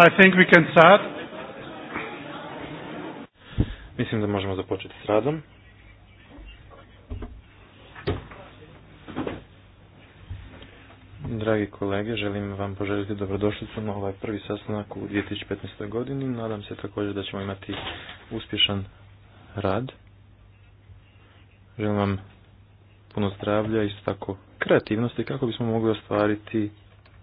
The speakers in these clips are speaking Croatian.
I think we can start. Mislim da možemo započeti s radom. Dragi kolege, želim vam poželjeti dobrodošlicu na ovaj prvi sastanak u 2015. godini. Nadam se također da ćemo imati uspješan rad. Želim vam puno zdravlja i tako kreativnosti kako bismo mogli ostvariti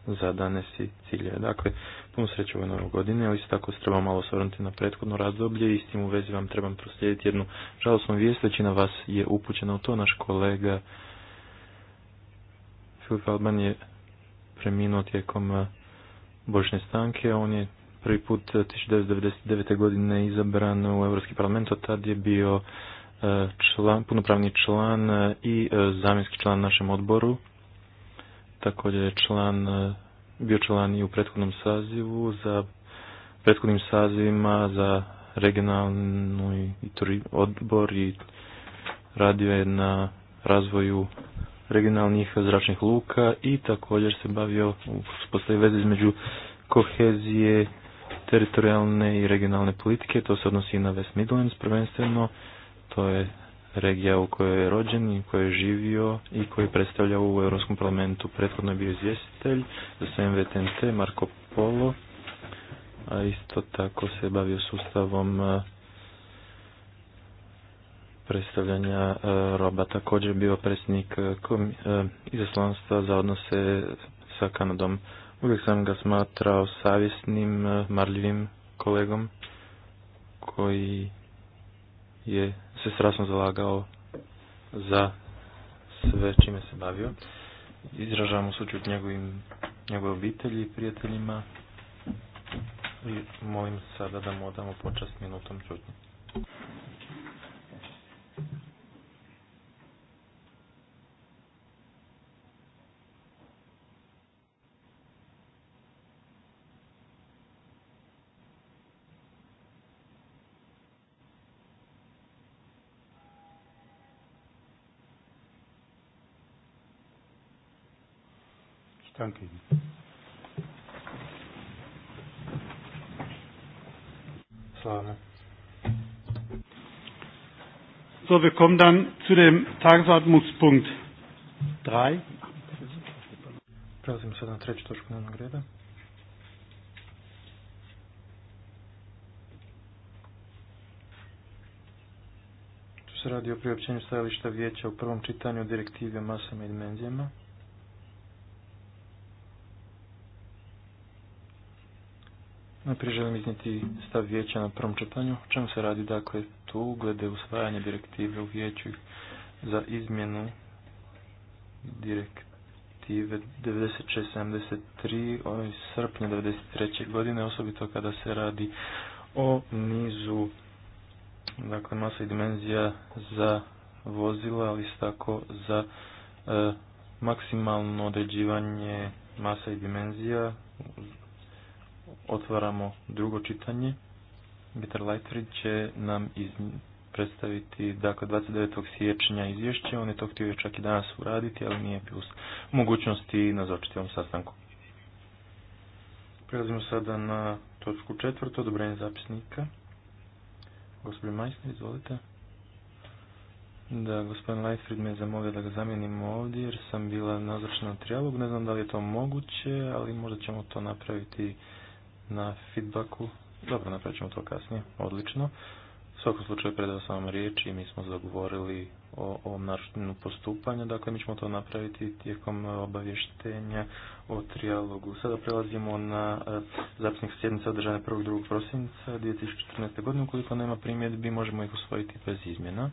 zadane si cilje. Dakle, puno sreće u godini, ali isto tako se treba malo osvrnuti na prethodno razdoblje i s tim u vezi vam trebam proslijediti jednu žalosnu vijest, većina vas je upućena u to, naš kolega Filip Alban je preminuo tijekom eh, božne stanke, on je prvi put 1999. Eh, godine izabran u Europski parlament, od tad je bio eh, član, punopravni član i zamjenski član našem odboru, također je član bio član i u prethodnom sazivu, za prethodnim sazivima za regionalni odbor i radio je na razvoju regionalnih zračnih luka i također se bavio uspostavi veze između kohezije, teritorijalne i regionalne politike, to se odnosi i na West Midlands prvenstveno, to je regija u kojoj je rođen i u kojoj je živio i koji predstavlja u Europskom parlamentu. Prethodno je bio izvjestitelj za MVTNT Marko Polo, a isto tako se je bavio sustavom e, predstavljanja e, roba. Također je bio predsjednik e, izaslanstva za odnose sa Kanadom. Uvijek sam ga smatrao savjesnim, marljivim kolegom koji je se strasno zalagao za sve čime se bavio. Izražavamo sučut njegovim, njegove obitelji i prijateljima i molim sada da mu odamo počast minutom čutnje. danke Ihnen. Slava. So, wir kommen dann zu dem Tagesordnungspunkt 3. Prelazimo na treću točku Tu se radi o priopćenju stajališta vijeća u prvom čitanju o direktivi o masama i dimenzijama. Najprije želim iznijeti stav vijeća na prvom čitanju. O čemu se radi dakle tu glede usvajanja direktive u vijeću za izmjenu direktive 9673 od srpnja 1993. godine, osobito kada se radi o nizu dakle masa i dimenzija za vozila, ali tako za e, maksimalno određivanje masa i dimenzija otvaramo drugo čitanje. Peter Lajtri će nam iz... predstaviti dakle, 29. siječnja izvješće. On je to htio čak i danas uraditi, ali nije plus mogućnosti na ovom sastanku. Prelazimo sada na točku četvrtu, odobrenje zapisnika. Gospodin Majsner, izvolite. Da, gospodin Leifrid me zamolio da ga zamijenimo ovdje jer sam bila nazočna na trijalog. Ne znam da li je to moguće, ali možda ćemo to napraviti na feedbacku. Dobro, napravit ćemo to kasnije. Odlično. U svakom slučaju predao sam vam riječ i mi smo zagovorili o ovom načinu postupanja. Dakle, mi ćemo to napraviti tijekom e, obavještenja o trijalogu. Sada prelazimo na e, zapisnik sjednice održane 1. 2. prosinca 2014. godine. Ukoliko nema primjedbi, možemo ih usvojiti bez izmjena.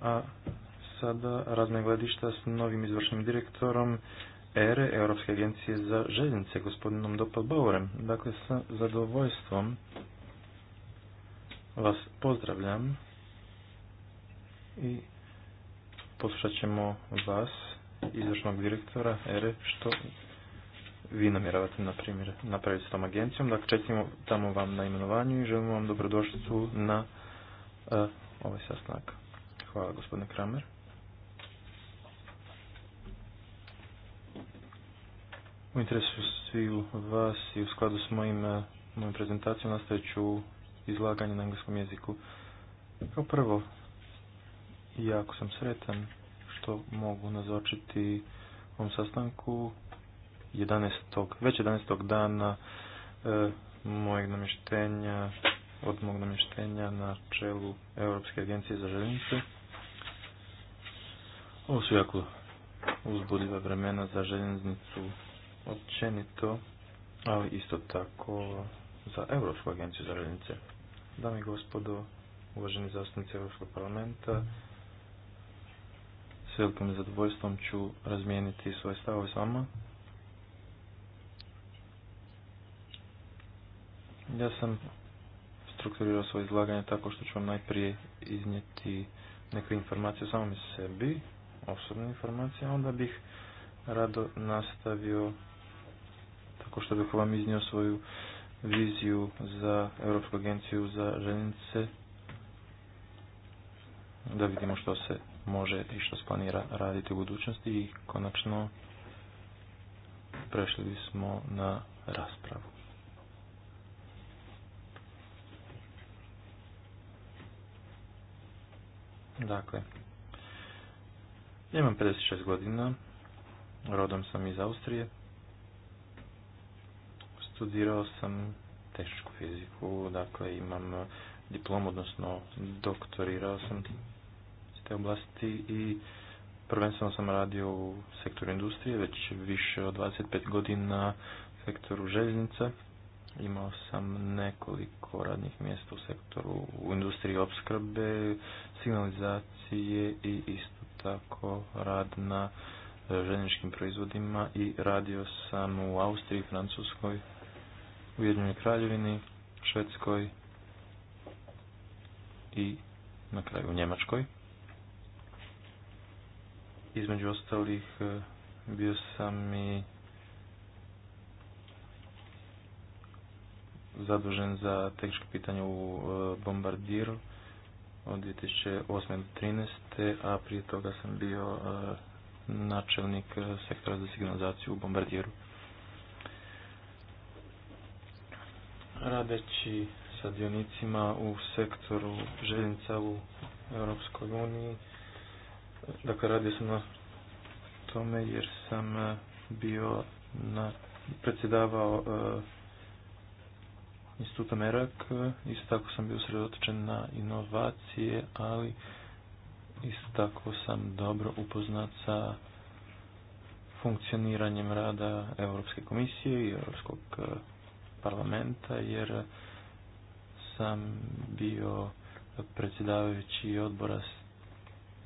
A sada razne gledišta s novim izvršnim direktorom ERE, Europske agencije za željenice, gospodinom Baurem. Dakle, sa zadovoljstvom vas pozdravljam i poslušat ćemo vas, izvršnog direktora ERE, što vi namjeravate na primjer napraviti s tom agencijom. Dakle, čestimo tamo vam na imenovanju i želimo vam dobrodošlicu na eh, ovaj sastanak. Hvala gospodine Kramer. U interesu sviju vas i u skladu s mojim, eh, mojim prezentacijom nastavit ću izlaganje na engleskom jeziku. Kao prvo, jako sam sretan što mogu nazočiti ovom sastanku već 11. dana eh, mojeg namještenja od mog namještenja na čelu Europske agencije za željeznice. Ovo su jako uzbudljiva vremena za željeznicu općenito, ali isto tako za Europsku agenciju za željeznice. Dame i gospodo, uvaženi zastupnici Europskog parlamenta, s velikim zadovoljstvom ću razmijeniti svoje stavove s vama. Ja sam strukturirao svoje izlaganje tako što ću vam najprije iznijeti neke informacije o samom sebi, osobne informacije, a onda bih rado nastavio tako što bih vam iznio svoju viziju za Europsku agenciju za željenice da vidimo što se može i što se planira raditi u budućnosti i konačno prešli smo na raspravu. Dakle, imam 56 godina, rodom sam iz Austrije, studirao sam tešku fiziku, dakle imam eh, diplom, odnosno doktorirao sam s te oblasti i prvenstveno sam radio u sektoru industrije, već više od 25 godina u sektoru željeznica. Imao sam nekoliko radnih mjesta u sektoru u industriji opskrbe, signalizacije i isto tako rad na eh, željezničkim proizvodima i radio sam u Austriji, Francuskoj, Ujedinjenoj kraljevini, Švedskoj i na kraju Njemačkoj. Između ostalih e, bio sam i zadužen za tehničke pitanje u e, Bombardiru od 2008. do 2013. a prije toga sam bio e, načelnik sektora za signalizaciju u Bombardiru. Radeći sa dionicima u sektoru željeznica u Europskoj uniji, dakle radio sam na tome jer sam e, bio na, predsjedavao e, instituta Merak, isto tako sam bio sredotočen na inovacije, ali isto tako sam dobro upoznat sa funkcioniranjem rada Europske komisije i Europskog e, parlamenta jer sam bio predsjedavajući odbora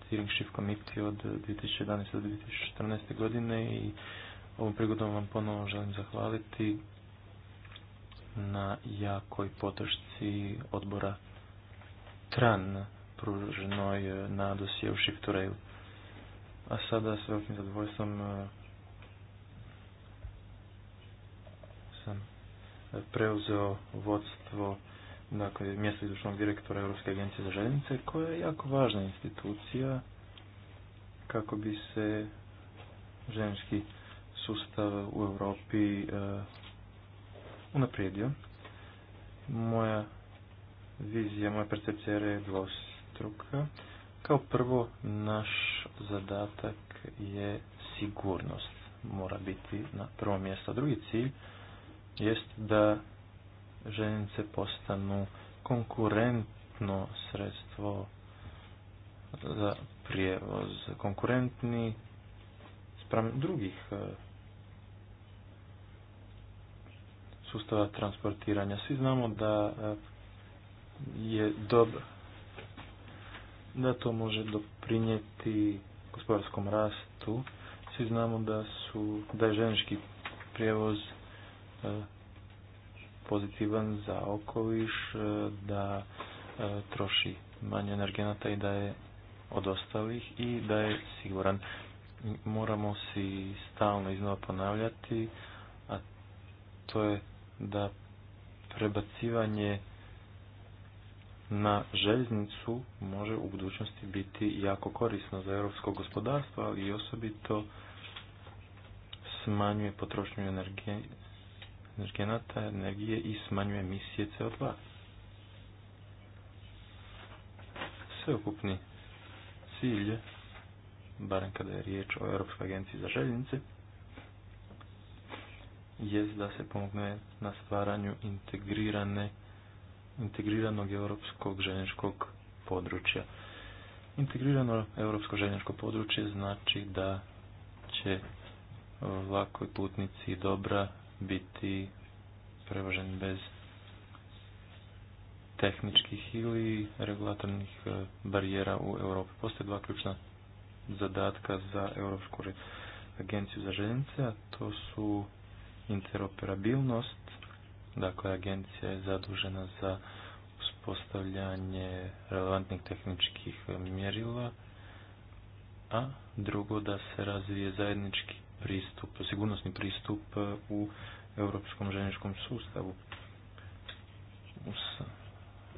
Steering Shift Committee od 2011. do 2014. godine i ovom prigodom vam ponovo želim zahvaliti na jakoj potošci odbora TRAN pruženoj na dosije u Rail. A sada s velikim zadovoljstvom preuzeo vodstvo dakle, mjesto izvršnog direktora Europske agencije za željeznice, koja je jako važna institucija kako bi se željeznički sustav u Europi e, unaprijedio. Moja vizija, moja percepcija je dvostruka. Kao prvo, naš zadatak je sigurnost. Mora biti na prvo mjesto. Drugi cilj jest da željenice postanu konkurentno sredstvo za prijevoz, konkurentni spram drugih e, sustava transportiranja. Svi znamo da e, je dobro da to može doprinijeti gospodarskom rastu. Svi znamo da su da je željenički prijevoz E, pozitivan za okoliš, e, da e, troši manje energenata i da je od ostalih i da je siguran. Moramo si stalno iznova ponavljati, a to je da prebacivanje na željeznicu može u budućnosti biti jako korisno za europsko gospodarstvo, ali i osobito smanjuje potrošnju energije energenata, energije i smanjuje emisije CO2. Sveukupni cilj, barem kada je riječ o Europskoj agenciji za željenice, je da se pomogne na stvaranju integrirane, integriranog europskog željeničkog područja. Integrirano europsko željeničko područje znači da će vlako putnici dobra biti prevažen bez tehničkih ili regulatornih e, barijera u Europi. Postoje dva ključna zadatka za Europsku agenciju za željenice, a to su interoperabilnost, dakle agencija je zadužena za uspostavljanje relevantnih tehničkih mjerila, a drugo da se razvije zajednički pristup, sigurnosni pristup e, u europskom željezničkom sustavu.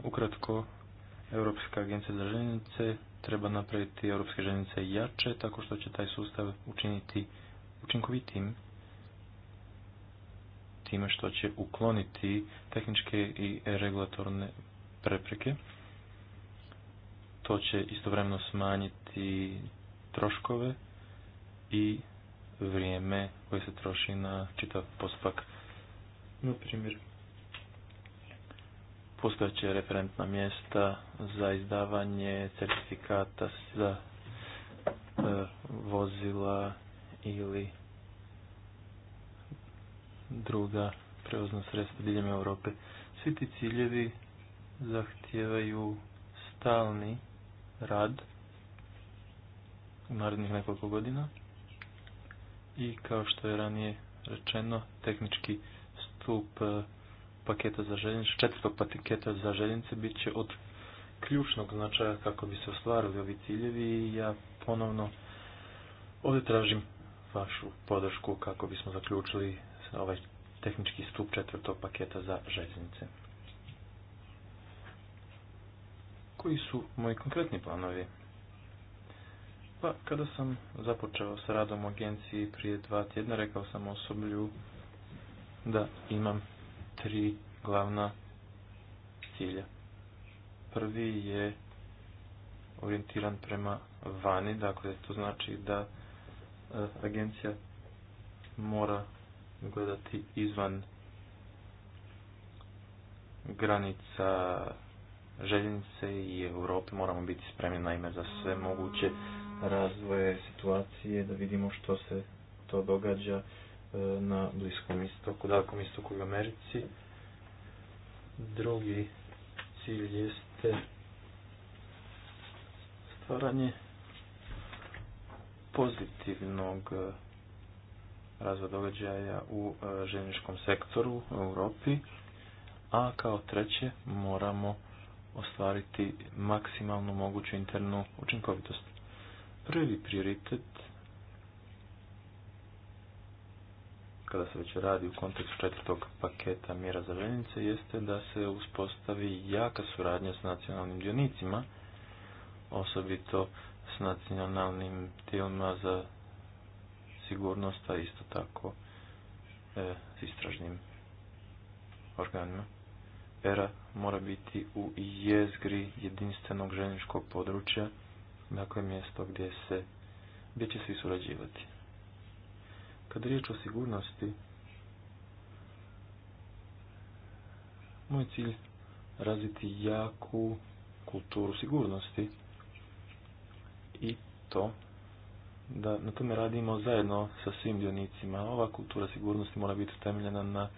Ukratko, Europska agencija za željeznice treba napraviti europske željeznice jače tako što će taj sustav učiniti učinkovitim time što će ukloniti tehničke i regulatorne prepreke. To će istovremeno smanjiti troškove i vrijeme koje se troši na čitav postupak. Na primjer, postojeće referentna mjesta za izdavanje certifikata za e, vozila ili druga prevozna sredstva diljem Europe. Svi ti ciljevi zahtijevaju stalni rad u narednih nekoliko godina i kao što je ranije rečeno, tehnički stup e, paketa za željenice, četvrtog paketa za željenice bit će od ključnog značaja kako bi se ostvarili ovi ciljevi i ja ponovno ovdje tražim vašu podršku kako bismo zaključili ovaj tehnički stup četvrtog paketa za željeznice. Koji su moji konkretni planovi? Pa, kada sam započeo sa radom u agenciji prije dva tjedna, rekao sam osoblju da imam tri glavna cilja. Prvi je orijentiran prema vani, dakle to znači da e, agencija mora gledati izvan granica željenice i Europe moramo biti spremni naime za sve moguće razvoje situacije, da vidimo što se to događa e, na Bliskom istoku, dalkom istoku i Americi. Drugi cilj jeste stvaranje pozitivnog e, razvoja događaja u e, željezničkom sektoru u Europi, a kao treće moramo ostvariti maksimalno moguću internu učinkovitost prvi prioritet kada se već radi u kontekstu četvrtog paketa mjera za željenice jeste da se uspostavi jaka suradnja s nacionalnim dionicima, osobito s nacionalnim tijelima za sigurnost, a isto tako e, s istražnim organima. ERA mora biti u jezgri jedinstvenog željeničkog područja, dakle mjesto gdje se gdje će svi surađivati. Kad riječ o sigurnosti, moj cilj razviti jaku kulturu sigurnosti i to da na tome radimo zajedno sa svim dionicima. Ova kultura sigurnosti mora biti temeljena na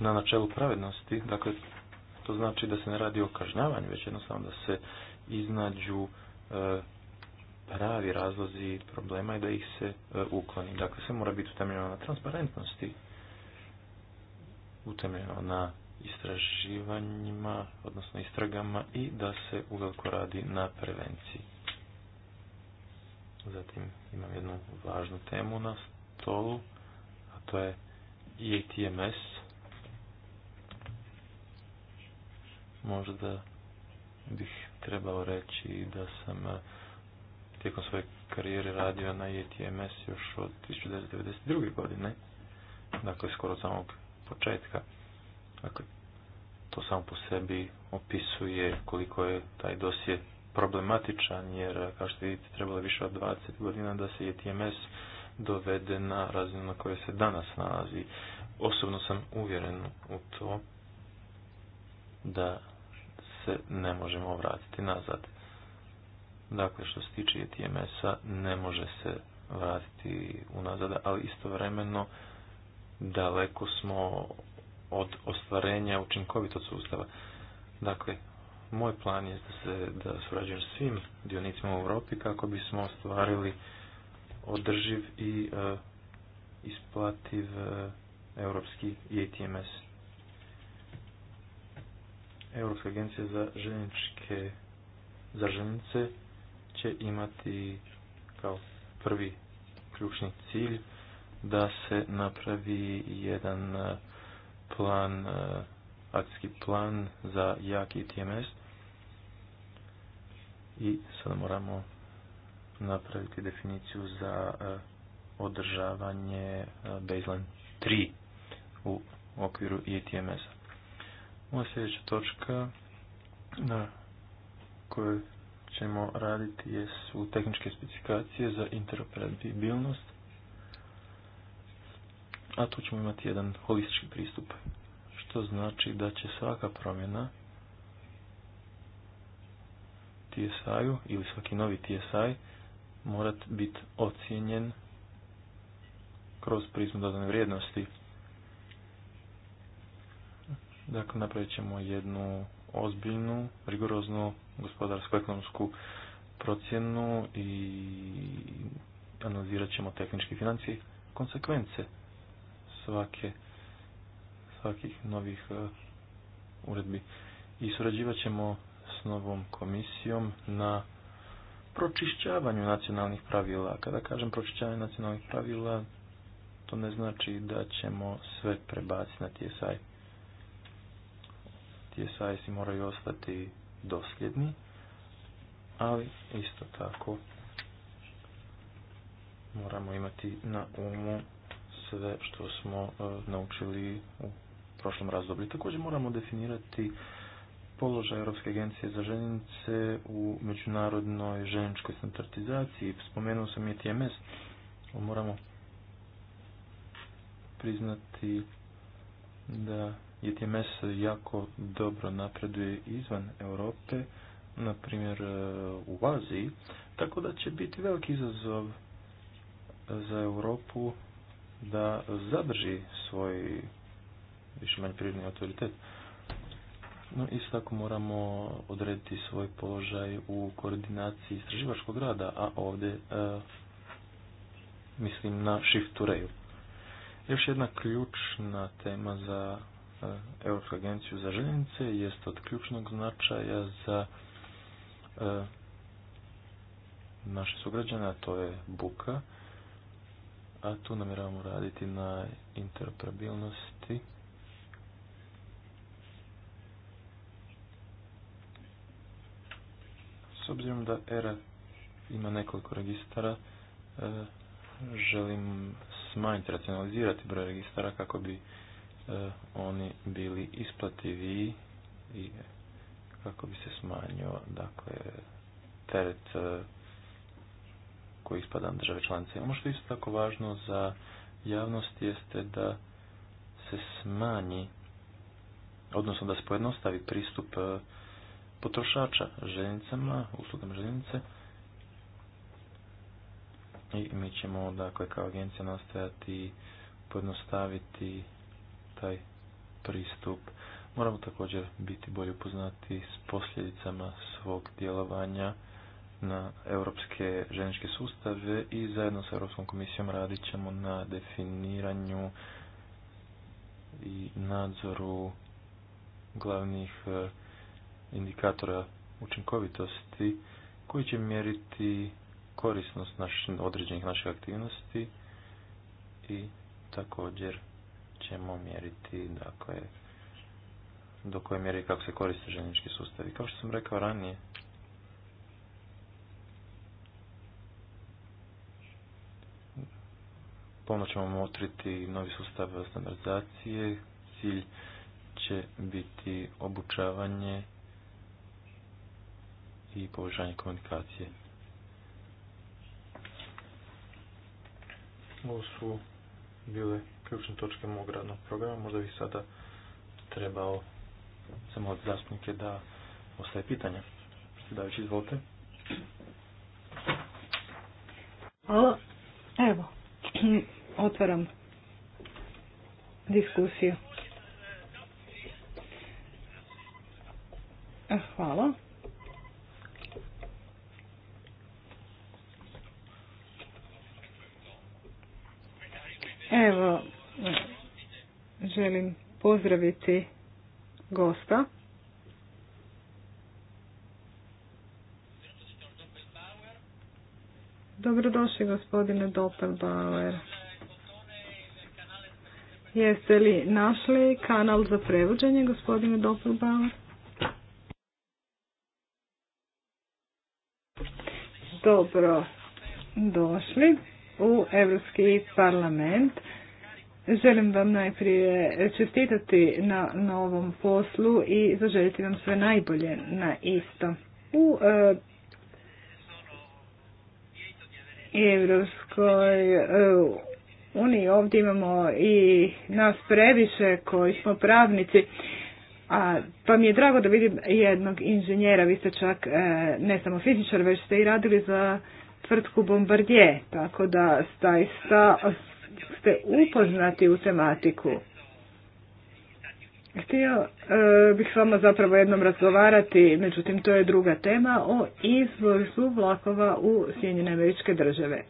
na načelu pravednosti, dakle to znači da se ne radi o kažnjavanju, već jednostavno da se iznađu e, pravi razlozi problema i da ih se e, ukloni. Dakle, sve mora biti utemeljeno na transparentnosti, utemljeno na istraživanjima, odnosno istragama i da se uveliko radi na prevenciji. Zatim imam jednu važnu temu na stolu, a to je ETMS, Možda bih trebao reći da sam eh, tijekom svoje karijere radio na ETMS još od 1992. godine, dakle skoro od samog početka. Dakle, to samo po sebi opisuje koliko je taj dosje problematičan, jer eh, kao što vidite trebalo je više od 20 godina da se ETMS dovede na razinu na kojoj se danas nalazi. Osobno sam uvjeren u to da se ne možemo vratiti nazad. Dakle, što se tiče ETMS-a, ne može se vratiti unazad, ali istovremeno daleko smo od ostvarenja učinkovitog sustava. Dakle, moj plan je da se da surađujem svim dionicima u Europi kako bismo ostvarili održiv i e, isplativ e, europski ETMS Europska agencija za željeničke za željenice će imati kao prvi ključni cilj da se napravi jedan e, plan, e, akcijski plan za jak TMS i sada moramo napraviti definiciju za e, održavanje baseline 3 u okviru ITMS-a. Moja sljedeća točka na kojoj ćemo raditi su tehničke specifikacije za interoperabilnost, a tu ćemo imati jedan holistički pristup, što znači da će svaka promjena TSI-u ili svaki novi TSI morat biti ocijenjen kroz prizmu dodane vrijednosti Dakle, napravit ćemo jednu ozbiljnu, rigoroznu gospodarsko ekonomsku procjenu i analizirat ćemo tehnički financije konsekvence svake svakih novih e, uredbi i surađivat ćemo s novom komisijom na pročišćavanju nacionalnih pravila. Kada kažem pročišćavanje nacionalnih pravila, to ne znači da ćemo sve prebaciti na TSI. Tije sajsi moraju ostati dosljedni, ali isto tako moramo imati na umu sve što smo e, naučili u prošlom razdoblju. Također moramo definirati položaj Europske agencije za ženice u međunarodnoj željeničkoj standardizaciji. Spomenuo sam je TMS. Moramo priznati da E TMS jako dobro napreduje izvan Europe, na primjer e, u Aziji, tako da će biti veliki izazov e, za Europu da zadrži svoj više manje prirodni autoritet. No, isto tako moramo odrediti svoj položaj u koordinaciji istraživačkog rada, a ovdje mislim na shift to rail. Još jedna ključna tema za E, Europsku agenciju za željenice jest od ključnog značaja za e, naše sugrađane, a to je buka, a tu namjeravamo raditi na interoperabilnosti. S obzirom da ERA ima nekoliko registara, e, želim smanjiti, racionalizirati broj registara kako bi E, oni bili isplativi i kako bi se smanjio dakle teret e, koji ispada na države članice. Ono što je isto tako važno za javnost jeste da se smanji, odnosno da se pojednostavi pristup e, potrošača ženicama uslugama željeznice. I mi ćemo, dakle, kao agencija nastojati pojednostaviti taj pristup. Moramo također biti bolje upoznati s posljedicama svog djelovanja na europske ženičke sustave i zajedno sa Europskom komisijom radit ćemo na definiranju i nadzoru glavnih e, indikatora učinkovitosti koji će mjeriti korisnost određenih naših aktivnosti i također ćemo mjeriti dakle, do koje mjere kako se koriste željeznički sustavi. Kao što sam rekao ranije, pomno ćemo motriti novi sustav standardizacije. Cilj će biti obučavanje i poboljšanje komunikacije. Ovo su bile ključne točke mog radnog programa. Možda bih sada trebao samo od zastupnike da ostaje pitanja. Predsjedavajući, izvolite. Hvala. Evo, otvaram diskusiju. E, hvala. Evo, želim pozdraviti gosta. Dobrodošli gospodine Doppelbauer. Jeste li našli kanal za prevođenje gospodine Doppelbauer? Dobro došli u Europski parlament. Želim vam najprije čestitati na novom poslu i zaželjeti vam sve najbolje na isto. U e, Evropskoj e, Uniji ovdje imamo i nas previše koji smo pravnici, a, pa mi je drago da vidim jednog inženjera, vi ste čak e, ne samo fizičar, već ste i radili za tvrtku Bombardier, tako da zaista ste upoznati u tematiku. Htio e, bih s vama zapravo jednom razgovarati, međutim to je druga tema, o izvozu vlakova u Sjedinjene američke države.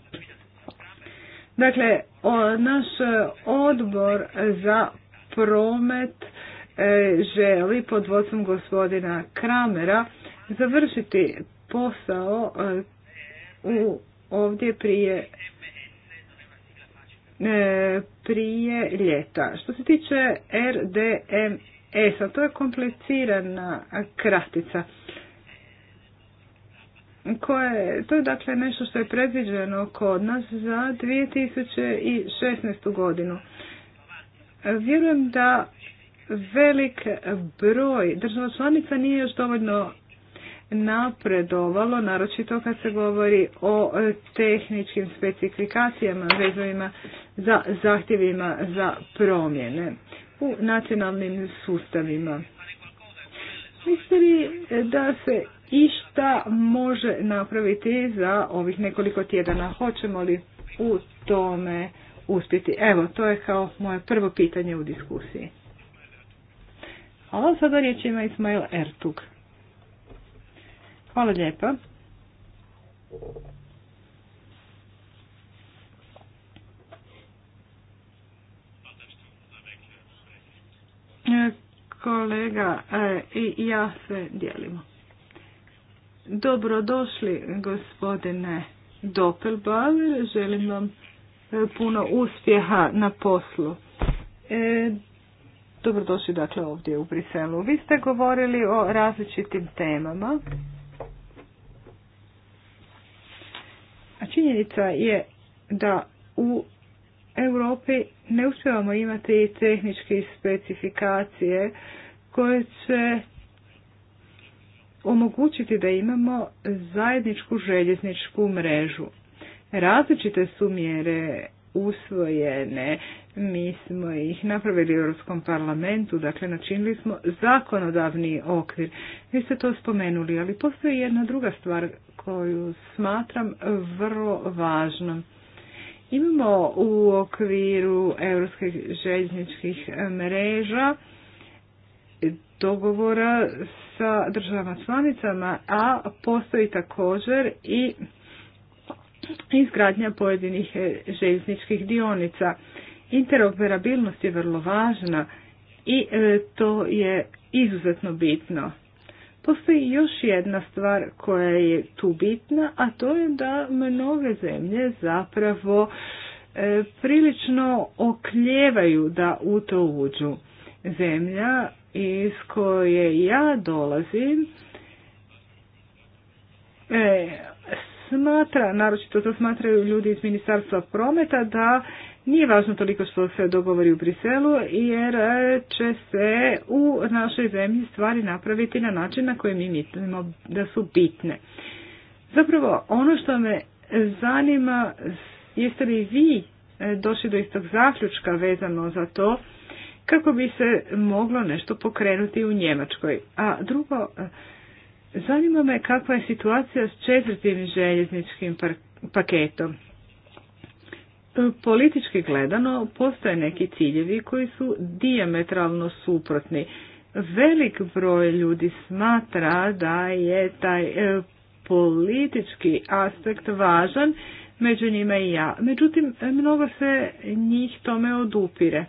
Dakle, o, naš odbor za promet e, želi pod vodstvom gospodina Kramera završiti posao e, u ovdje prije E, prije ljeta. Što se tiče RDMS-a, to je komplicirana kratica. Koje, to je dakle nešto što je predviđeno kod nas za 2016. godinu. Vjerujem da velik broj država članica nije još dovoljno napredovalo, naročito kad se govori o e, tehničkim specifikacijama, vezovima za zahtjevima za promjene u nacionalnim sustavima. Mislite li e, da se išta može napraviti za ovih nekoliko tjedana? Hoćemo li u tome uspjeti? Evo, to je kao moje prvo pitanje u diskusiji. A sada riječ ima Ismail Ertug. Hvala lijepa. E, kolega e, i ja se dijelimo. Dobrodošli gospodine Doppelbauer, želim vam e, puno uspjeha na poslu. E, dobrodošli dakle ovdje u Briselu. Vi ste govorili o različitim temama. Činjenica je da u Europi ne uspjevamo imati tehničke specifikacije koje će omogućiti da imamo zajedničku željezničku mrežu. Različite su mjere usvojene, mi smo ih napravili u Europskom parlamentu, dakle načinili smo zakonodavni okvir. Vi ste to spomenuli, ali postoji jedna druga stvar koju smatram vrlo važnom. Imamo u okviru europskih željezničkih mreža dogovora sa državama članicama, a postoji također i izgradnja pojedinih željezničkih dionica. Interoperabilnost je vrlo važna i e, to je izuzetno bitno. Postoji još jedna stvar koja je tu bitna, a to je da mnoge zemlje zapravo e, prilično okljevaju da u to uđu. Zemlja iz koje ja dolazim e, smatra, naročito to smatraju ljudi iz Ministarstva prometa, da nije važno toliko što se dogovori u Briselu, jer će se u našoj zemlji stvari napraviti na način na koji mi mislimo da su bitne. Zapravo, ono što me zanima, jeste li vi e, došli do istog zaključka vezano za to, kako bi se moglo nešto pokrenuti u Njemačkoj. A drugo, e, zanima me kakva je situacija s četvrtim željezničkim paketom. Politički gledano postoje neki ciljevi koji su diametralno suprotni. Velik broj ljudi smatra da je taj e, politički aspekt važan, među njima i ja. Međutim, mnogo se njih tome odupire.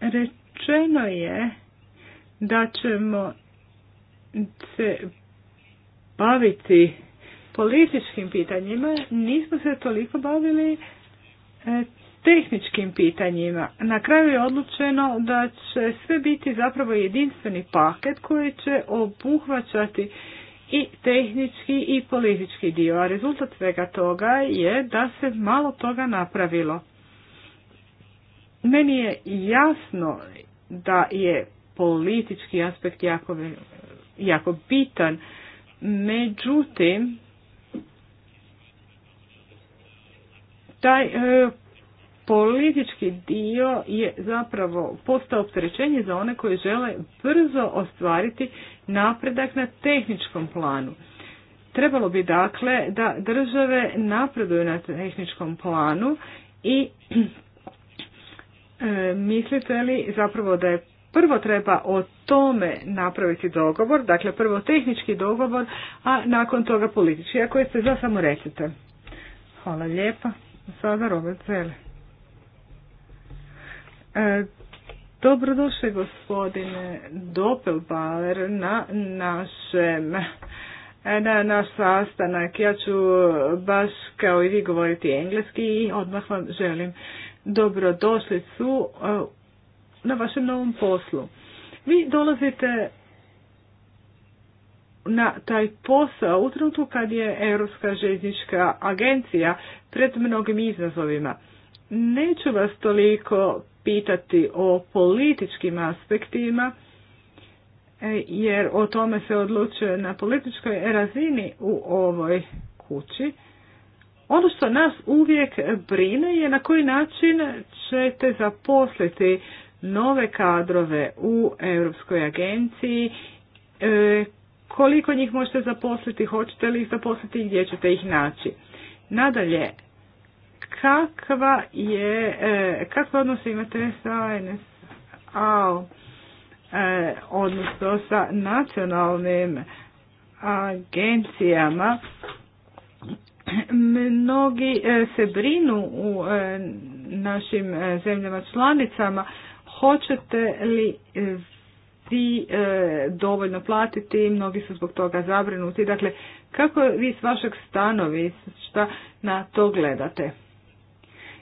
Rečeno je da ćemo se baviti političkim pitanjima, nismo se toliko bavili e, tehničkim pitanjima. Na kraju je odlučeno da će sve biti zapravo jedinstveni paket koji će obuhvaćati i tehnički i politički dio, a rezultat svega toga je da se malo toga napravilo. Meni je jasno da je politički aspekt jako, jako bitan, Međutim, taj e, politički dio je zapravo postao opterećenje za one koji žele brzo ostvariti napredak na tehničkom planu. Trebalo bi dakle da države napreduju na tehničkom planu i e, mislite li zapravo da je prvo treba o tome napraviti dogovor, dakle prvo tehnički dogovor, a nakon toga politički. Ako jeste za, samo recite. Hvala lijepa. Sada Robert Zele. dobrodošli gospodine Doppelbauer na našem e, na naš sastanak. Ja ću baš kao i vi govoriti engleski i odmah vam želim dobrodošlicu e, na vašem novom poslu. Vi dolazite na taj posao u trenutku kad je Europska željeznička agencija pred mnogim izazovima. Neću vas toliko pitati o političkim aspektima, e, jer o tome se odlučuje na političkoj razini u ovoj kući. Ono što nas uvijek brine je na koji način ćete zaposliti nove kadrove u Europskoj agenciji, e, koliko njih možete zaposliti, hoćete li ih zaposliti i gdje ćete ih naći. Nadalje, kakva je, e, kakve odnose imate sa NSA, e, odnosno sa nacionalnim agencijama, mnogi se brinu u našim zemljama članicama Hoćete li e, vi e, dovoljno platiti? Mnogi su zbog toga zabrinuti. Dakle, kako vi s vašeg stanovišta na to gledate?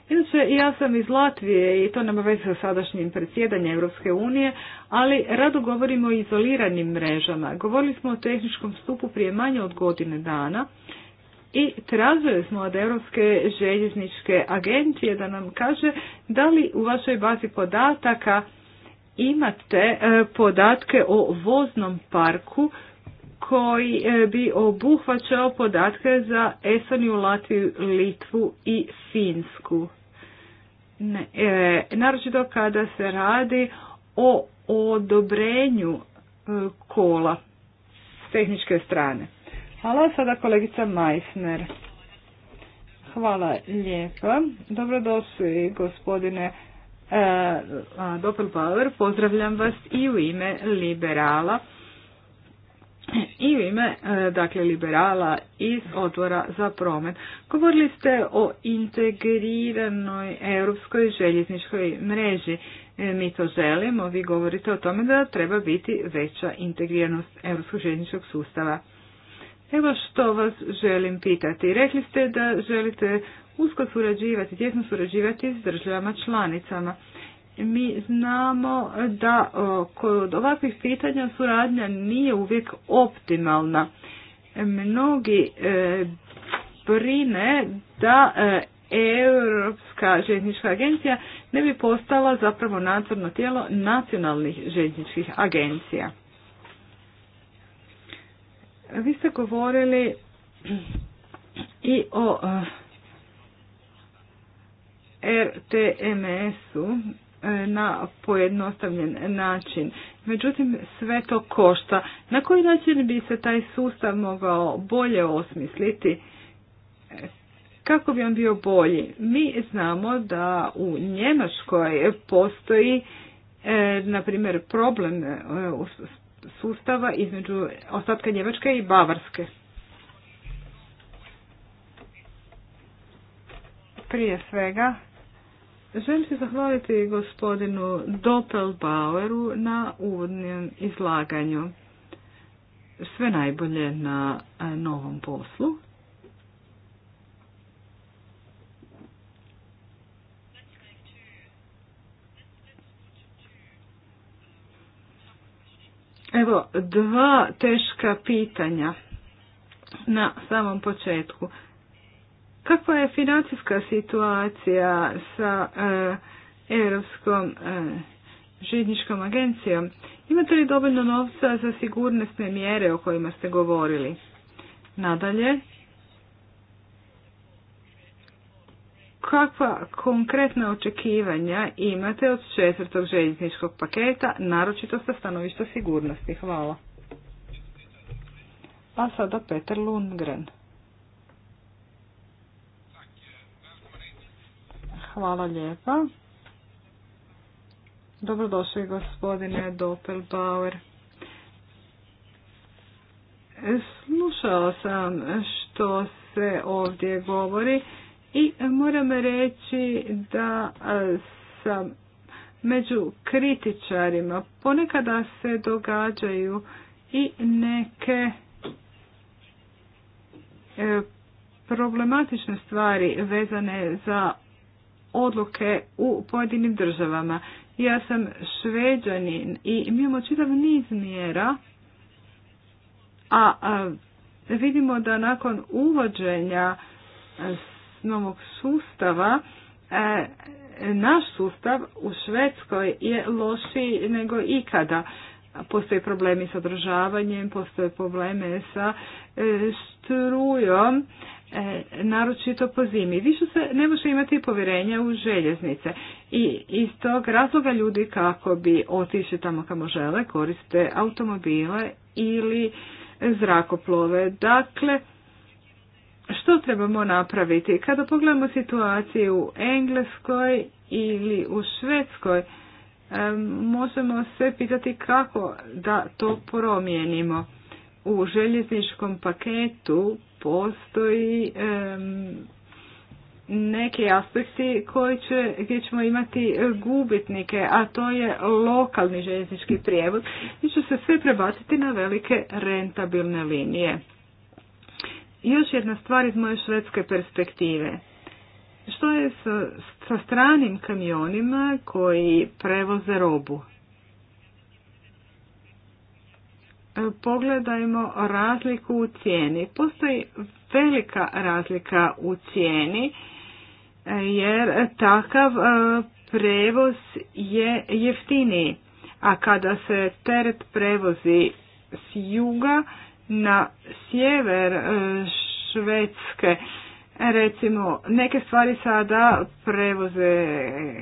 Inače, ja sam iz Latvije i to nema veze sa sadašnjim predsjedanjem Europske unije, ali rado govorimo o izoliranim mrežama. Govorili smo o tehničkom stupu prije manje od godine dana i tražili smo od Europske željezničke agencije da nam kaže da li u vašoj bazi podataka imate e, podatke o voznom parku koji e, bi obuhvaćao podatke za Estoniju, Latviju, Litvu i Finsku. Ne, e, naročito kada se radi o odobrenju kola s tehničke strane. Hvala sada kolegica Majsner. Hvala lijepa. Dobrodošli gospodine e, Doppelbauer. Pozdravljam vas i u ime liberala i u ime e, dakle liberala iz odbora za promet. Govorili ste o integriranoj europskoj željezničkoj mreži. E, mi to želimo, vi govorite o tome da treba biti veća integriranost europskog željezničkog sustava. Evo što vas želim pitati. Rekli ste da želite usko surađivati, tjesno surađivati s državama članicama. Mi znamo da kod ovakvih pitanja suradnja nije uvijek optimalna. Mnogi e, brine da e, Europska željeznička agencija ne bi postala zapravo nadzorno tijelo nacionalnih željezničkih agencija. Vi ste govorili i o RTMS-u e, na pojednostavljen način. Međutim, sve to košta. Na koji način bi se taj sustav mogao bolje osmisliti? Kako bi on bio bolji? Mi znamo da u Njemačkoj postoji, e, na primjer, problem e, u sustava između ostatka Njemačke i Bavarske. Prije svega, želim se zahvaliti gospodinu Doppelbaueru na uvodnom izlaganju. Sve najbolje na eh, novom poslu. Evo, dva teška pitanja na samom početku. Kakva je financijska situacija sa eh, Europskom e, agencijom? Imate li dovoljno novca za sigurnosne mjere o kojima ste govorili? Nadalje, kakva konkretna očekivanja imate od četvrtog željezničkog paketa, naročito sa stanovišta sigurnosti? Hvala. A sada Peter Lundgren. Hvala lijepa. Dobrodošli gospodine Doppelbauer. Slušala sam što se ovdje govori i moram reći da e, sam među kritičarima ponekada se događaju i neke e, problematične stvari vezane za odluke u pojedinim državama. Ja sam šveđanin i mi imamo čitav niz mjera, a, a vidimo da nakon uvođenja novog sustava e, naš sustav u Švedskoj je lošiji nego ikada. Postoje problemi s održavanjem, postoje probleme sa e, strujom, e, naročito po zimi. Više se ne može imati povjerenja u željeznice. I iz tog razloga ljudi kako bi otišli tamo kamo žele koriste automobile ili zrakoplove. Dakle, što trebamo napraviti? Kada pogledamo situaciju u Engleskoj ili u Švedskoj, možemo se pitati kako da to promijenimo. U željezničkom paketu postoji neki aspekti koji gdje ćemo imati gubitnike, a to je lokalni željeznički prijevoz, i će se sve prebaciti na velike rentabilne linije. Još jedna stvar iz moje švedske perspektive. Što je sa, sa stranim kamionima koji prevoze robu? E, pogledajmo razliku u cijeni. Postoji velika razlika u cijeni e, jer takav e, prevoz je jeftiniji. A kada se teret prevozi s juga, na sjever e, Švedske. Recimo, neke stvari sada prevoze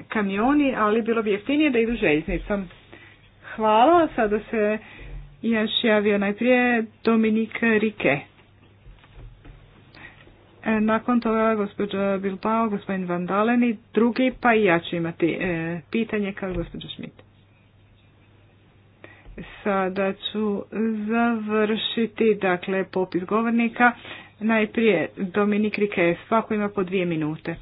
kamioni, ali bilo bi jeftinije da idu željeznicom. Hvala, sada se još javio najprije Dominik Rike. E, nakon toga gospođa Bilbao, gospodin Vandaleni, drugi, pa i ja ću imati e, pitanje kao gospođa Šmit. Sada ću završiti dakle, popis govornika. Najprije Dominik Rike, svako ima po dvije minute.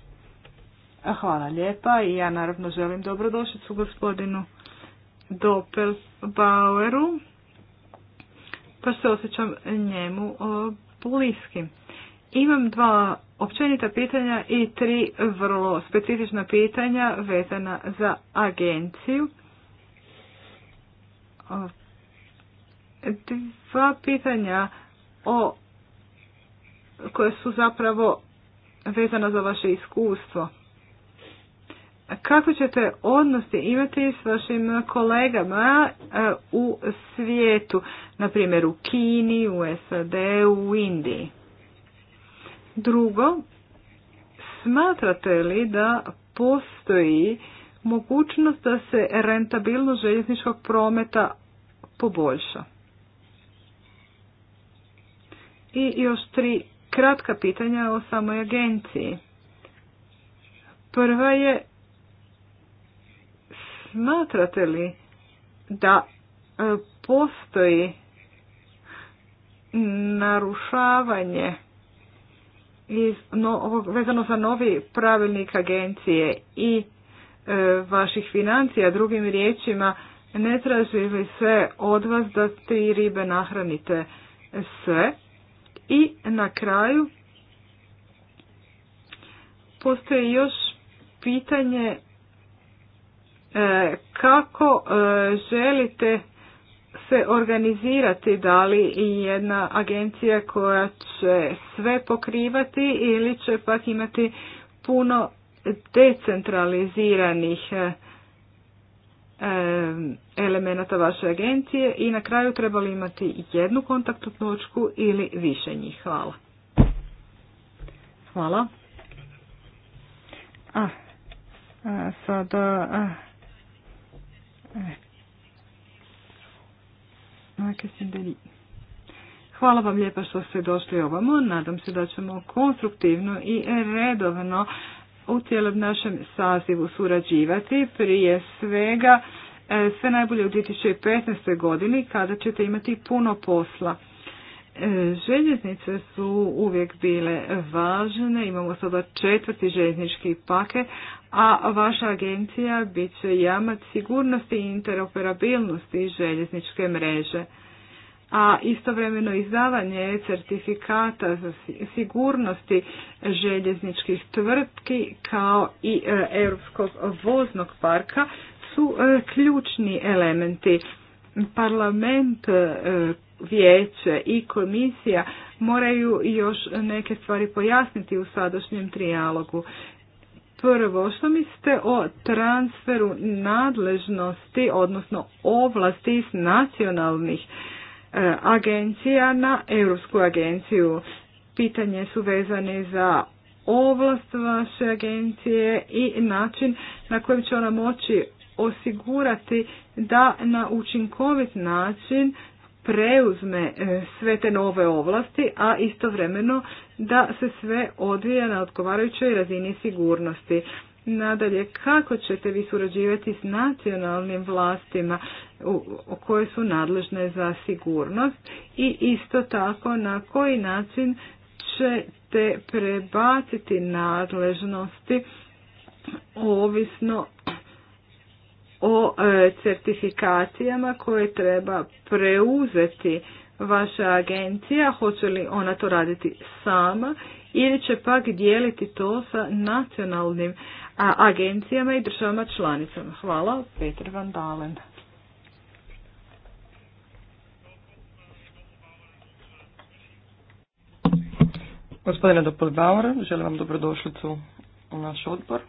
Hvala lijepa i ja naravno želim dobrodošlicu gospodinu Doppelbaueru, pa se osjećam njemu bliskim. Imam dva općenita pitanja i tri vrlo specifična pitanja vezana za agenciju dva pitanja o koje su zapravo vezana za vaše iskustvo. Kako ćete odnose imati s vašim kolegama e, u svijetu, na primjer u Kini, u SAD, u Indiji? Drugo, smatrate li da postoji mogućnost da se rentabilnost željezničkog prometa poboljša. I još tri kratka pitanja o samoj agenciji. Prva je, smatrate li da e, postoji narušavanje iz no, vezano za novi pravilnik agencije i E, vaših financija. Drugim riječima, ne traži li se od vas da ti ribe nahranite sve. I na kraju postoji još pitanje e, kako e, želite se organizirati, da li i jedna agencija koja će sve pokrivati ili će pak imati puno decentraliziranih e, e, elemenata vaše agencije i na kraju trebali imati jednu kontaktnu točku ili više njih. Hvala. Hvala. A, a sada... A, e, Hvala vam lijepa što ste došli ovamo. Nadam se da ćemo konstruktivno i redovno u cijelom našem sazivu surađivati, prije svega e, sve najbolje u 2015. godini kada ćete imati puno posla. E, željeznice su uvijek bile važne, imamo sada četvrti željeznički paket, a vaša agencija bit će jamac sigurnosti i interoperabilnosti željezničke mreže a istovremeno izdavanje certifikata za sigurnosti željezničkih tvrtki kao i e, Europskog voznog parka su e, ključni elementi. Parlament, e, vijeće i komisija moraju još neke stvari pojasniti u sadašnjem trijalogu. Prvo, što mislite o transferu nadležnosti, odnosno ovlasti iz nacionalnih agencija na Europsku agenciju. Pitanje su vezane za ovlast vaše agencije i način na kojem će ona moći osigurati da na učinkovit način preuzme e, sve te nove ovlasti, a istovremeno da se sve odvija na odgovarajućoj razini sigurnosti. Nadalje, kako ćete vi surađivati s nacionalnim vlastima koje su nadležne za sigurnost i isto tako na koji način ćete prebaciti nadležnosti ovisno o e, certifikacijama koje treba preuzeti vaša agencija, hoće li ona to raditi sama ili će pak dijeliti to sa nacionalnim a agencijama i državama članicama. Hvala, Peter Van Dalen. Gospodine Doppelbauer, želim vam dobrodošlicu u naš odbor.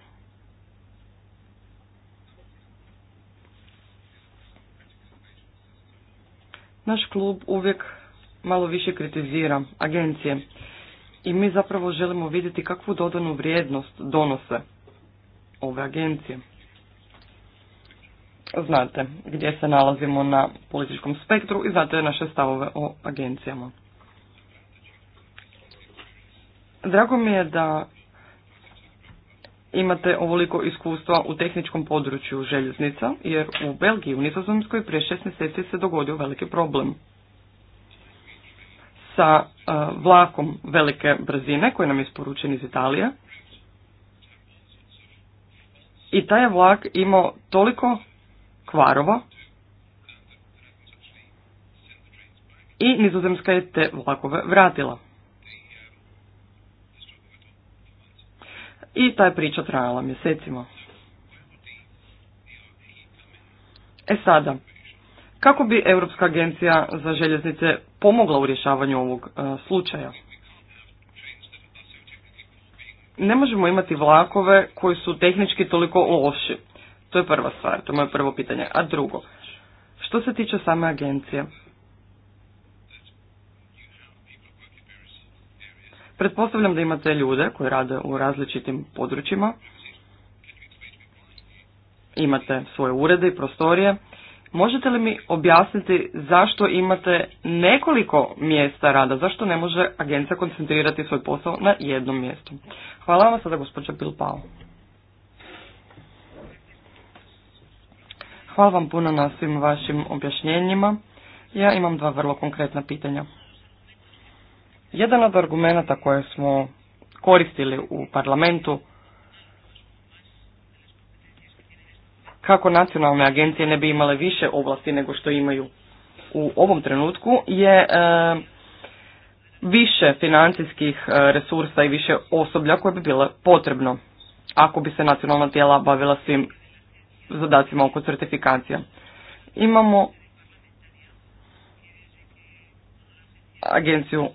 Naš klub uvijek malo više kritizira agencije i mi zapravo želimo vidjeti kakvu dodanu vrijednost donose ove agencije. Znate gdje se nalazimo na političkom spektru i znate naše stavove o agencijama. Drago mi je da imate ovoliko iskustva u tehničkom području željeznica, jer u Belgiji, u Nizozemskoj, prije šest mjeseci se dogodio veliki problem sa eh, vlakom velike brzine koji nam je isporučen iz Italije i taj je vlak imao toliko kvarova i nizozemska je te vlakove vratila. I ta je priča trajala mjesecima. E sada, kako bi Europska agencija za željeznice pomogla u rješavanju ovog e, slučaja? ne možemo imati vlakove koji su tehnički toliko loši. To je prva stvar, to je moje prvo pitanje. A drugo, što se tiče same agencije? Pretpostavljam da imate ljude koji rade u različitim područjima. Imate svoje urede i prostorije. Možete li mi objasniti zašto imate nekoliko mjesta rada, zašto ne može agencija koncentrirati svoj posao na jednom mjestu? Hvala vam sada gospođa Bilpao. Hvala vam puno na svim vašim objašnjenjima. Ja imam dva vrlo konkretna pitanja. Jedan od argumenata koje smo koristili u parlamentu kako nacionalne agencije ne bi imale više ovlasti nego što imaju u ovom trenutku je e, više financijskih e, resursa i više osoblja koje bi bilo potrebno ako bi se nacionalna tijela bavila svim zadacima oko certifikacija. Imamo agenciju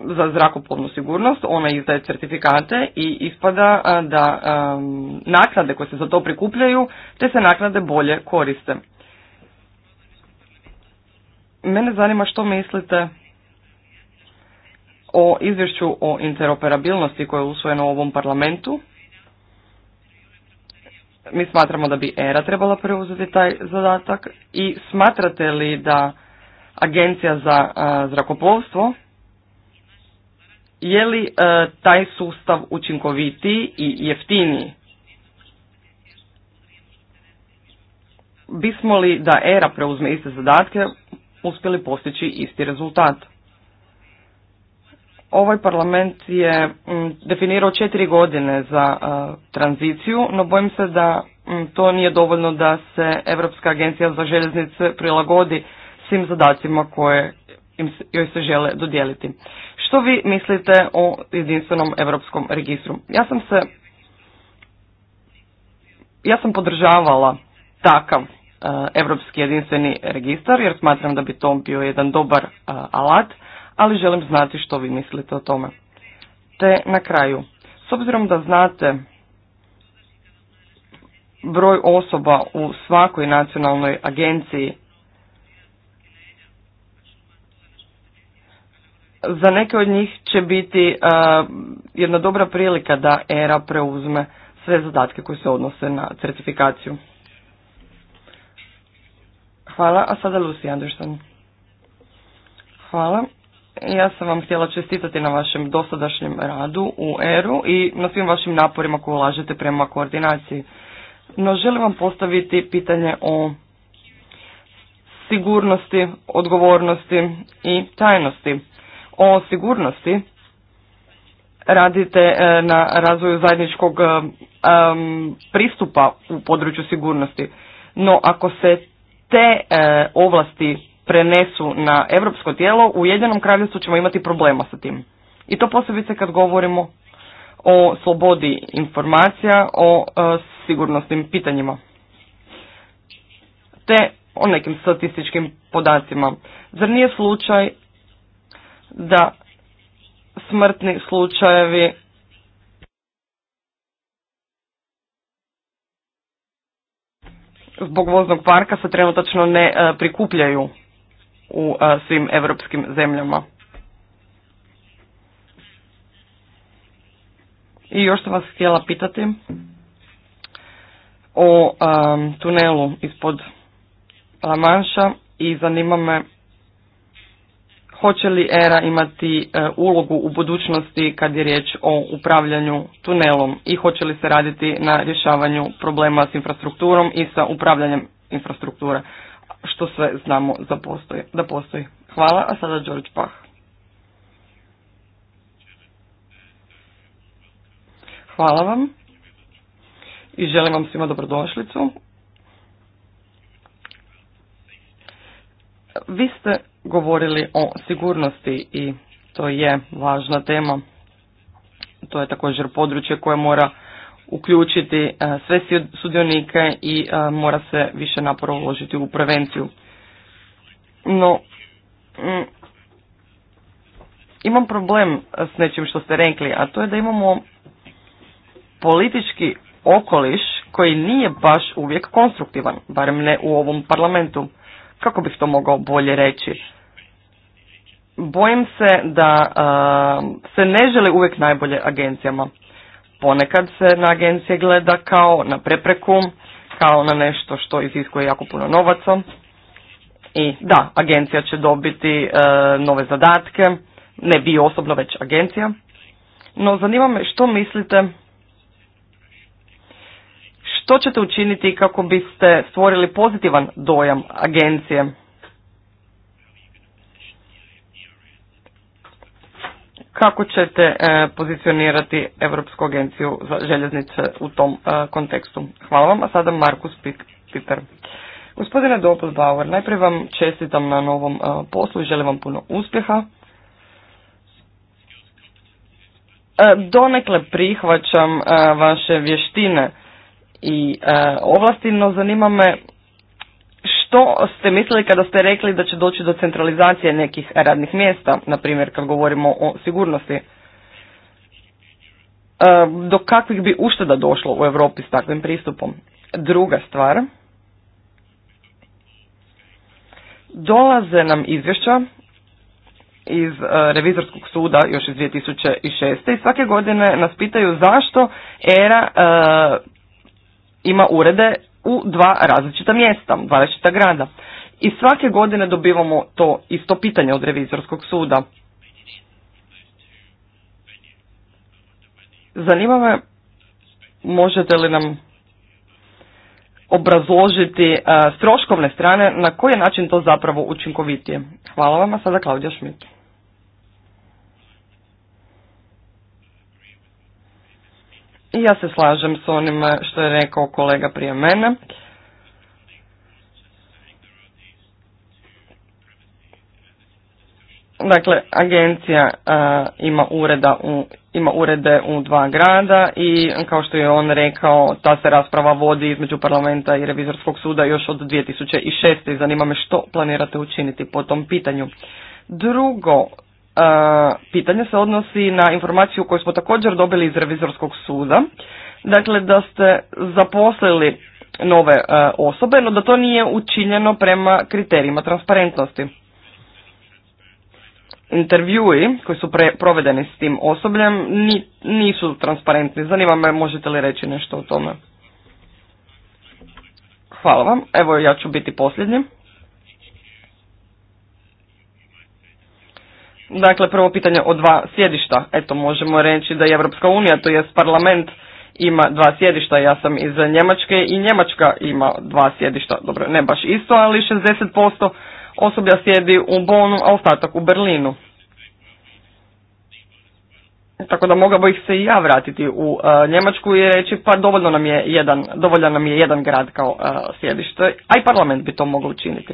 za zrakoplovnu sigurnost, ona izdaje certifikate i ispada da naknade koje se za to prikupljaju, te se naknade bolje koriste. Mene zanima što mislite o izvješću o interoperabilnosti koje je usvojeno u ovom parlamentu. Mi smatramo da bi ERA trebala preuzeti taj zadatak i smatrate li da Agencija za zrakoplovstvo je li e, taj sustav učinkovitiji i jeftiniji? Bismo li da ERA preuzme iste zadatke uspjeli postići isti rezultat? Ovaj parlament je definirao četiri godine za e, tranziciju, no bojim se da to nije dovoljno da se Europska agencija za željeznice prilagodi svim zadacima koje joj se žele dodijeliti. Što vi mislite o jedinstvenom europskom registru? Ja sam se, ja sam podržavala takav eh, europski jedinstveni registar jer smatram da bi to bio jedan dobar eh, alat, ali želim znati što vi mislite o tome. Te na kraju, s obzirom da znate broj osoba u svakoj nacionalnoj agenciji za neke od njih će biti uh, jedna dobra prilika da ERA preuzme sve zadatke koje se odnose na certifikaciju. Hvala, a sada Lucy Anderson. Hvala. Ja sam vam htjela čestitati na vašem dosadašnjem radu u ERU i na svim vašim naporima koje ulažete prema koordinaciji. No želim vam postaviti pitanje o sigurnosti, odgovornosti i tajnosti o sigurnosti radite e, na razvoju zajedničkog e, pristupa u području sigurnosti. No ako se te e, ovlasti prenesu na europsko tijelo, u Jedinom kraljevstvu ćemo imati problema sa tim. I to posebice kad govorimo o slobodi informacija, o sigurnosnim pitanjima. Te o nekim statističkim podacima. Zar nije slučaj da smrtni slučajevi zbog voznog parka se trenutačno ne e, prikupljaju u e, svim europskim zemljama. I još sam vas htjela pitati o e, tunelu ispod La Manša i zanima me hoće li ERA imati e, ulogu u budućnosti kad je riječ o upravljanju tunelom i hoće li se raditi na rješavanju problema s infrastrukturom i sa upravljanjem infrastrukture, što sve znamo da postoji. Da postoji. Hvala, a sada George Pah. Hvala vam i želim vam svima dobrodošlicu. Vi ste govorili o sigurnosti i to je važna tema. To je također područje koje mora uključiti e, sve sudionike i e, mora se više napora uložiti u prevenciju. No, mm, imam problem s nečim što ste rekli, a to je da imamo politički okoliš koji nije baš uvijek konstruktivan, barem ne u ovom parlamentu kako bih to mogao bolje reći, bojim se da se ne želi uvijek najbolje agencijama. Ponekad se na agencije gleda kao na prepreku, kao na nešto što iziskuje jako puno novaca. I da, agencija će dobiti nove zadatke, ne vi osobno, već agencija. No zanima me što mislite što ćete učiniti kako biste stvorili pozitivan dojam agencije? Kako ćete e, pozicionirati Europsku agenciju za željeznice u tom e, kontekstu? Hvala vam, a sada Markus Peter. Gospodine Bauer, najprije vam čestitam na novom e, poslu i želim vam puno uspjeha. Donekle prihvaćam vaše vještine i e, ovlasti, no zanima me što ste mislili kada ste rekli da će doći do centralizacije nekih radnih mjesta, na primjer kad govorimo o sigurnosti? E, do kakvih bi ušteda došlo u Europi s takvim pristupom? Druga stvar, dolaze nam izvješća iz e, revizorskog suda još iz 2006. i svake godine nas pitaju zašto ERA e, ima urede u dva različita mjesta, dva različita grada. I svake godine dobivamo to isto pitanje od revizorskog suda. Zanima me, možete li nam obrazložiti e, s troškovne strane na koji način to zapravo učinkovitije? Hvala vam, a sada Klaudija Šmit. Ja se slažem s onima što je rekao kolega prije mene. Dakle, agencija ima, ureda u, ima urede u dva grada i kao što je on rekao, ta se rasprava vodi između parlamenta i revizorskog suda još od 2006. Zanima me što planirate učiniti po tom pitanju. Drugo, pitanje se odnosi na informaciju koju smo također dobili iz revizorskog suda. Dakle, da ste zaposlili nove osobe, no da to nije učinjeno prema kriterijima transparentnosti. Intervjui koji su provedeni s tim osobljem ni, nisu transparentni. Zanima me, možete li reći nešto o tome? Hvala vam. Evo, ja ću biti posljednji. Dakle, prvo pitanje o dva sjedišta. Eto, možemo reći da je Europska unija, to jest parlament, ima dva sjedišta. Ja sam iz Njemačke i Njemačka ima dva sjedišta. Dobro, ne baš isto, ali 60% osoblja sjedi u Bonu, a ostatak u Berlinu. Tako da mogao bih se i ja vratiti u e, Njemačku i reći pa dovoljno nam je jedan, dovoljan nam je jedan grad kao e, sjedište, a i parlament bi to mogao učiniti.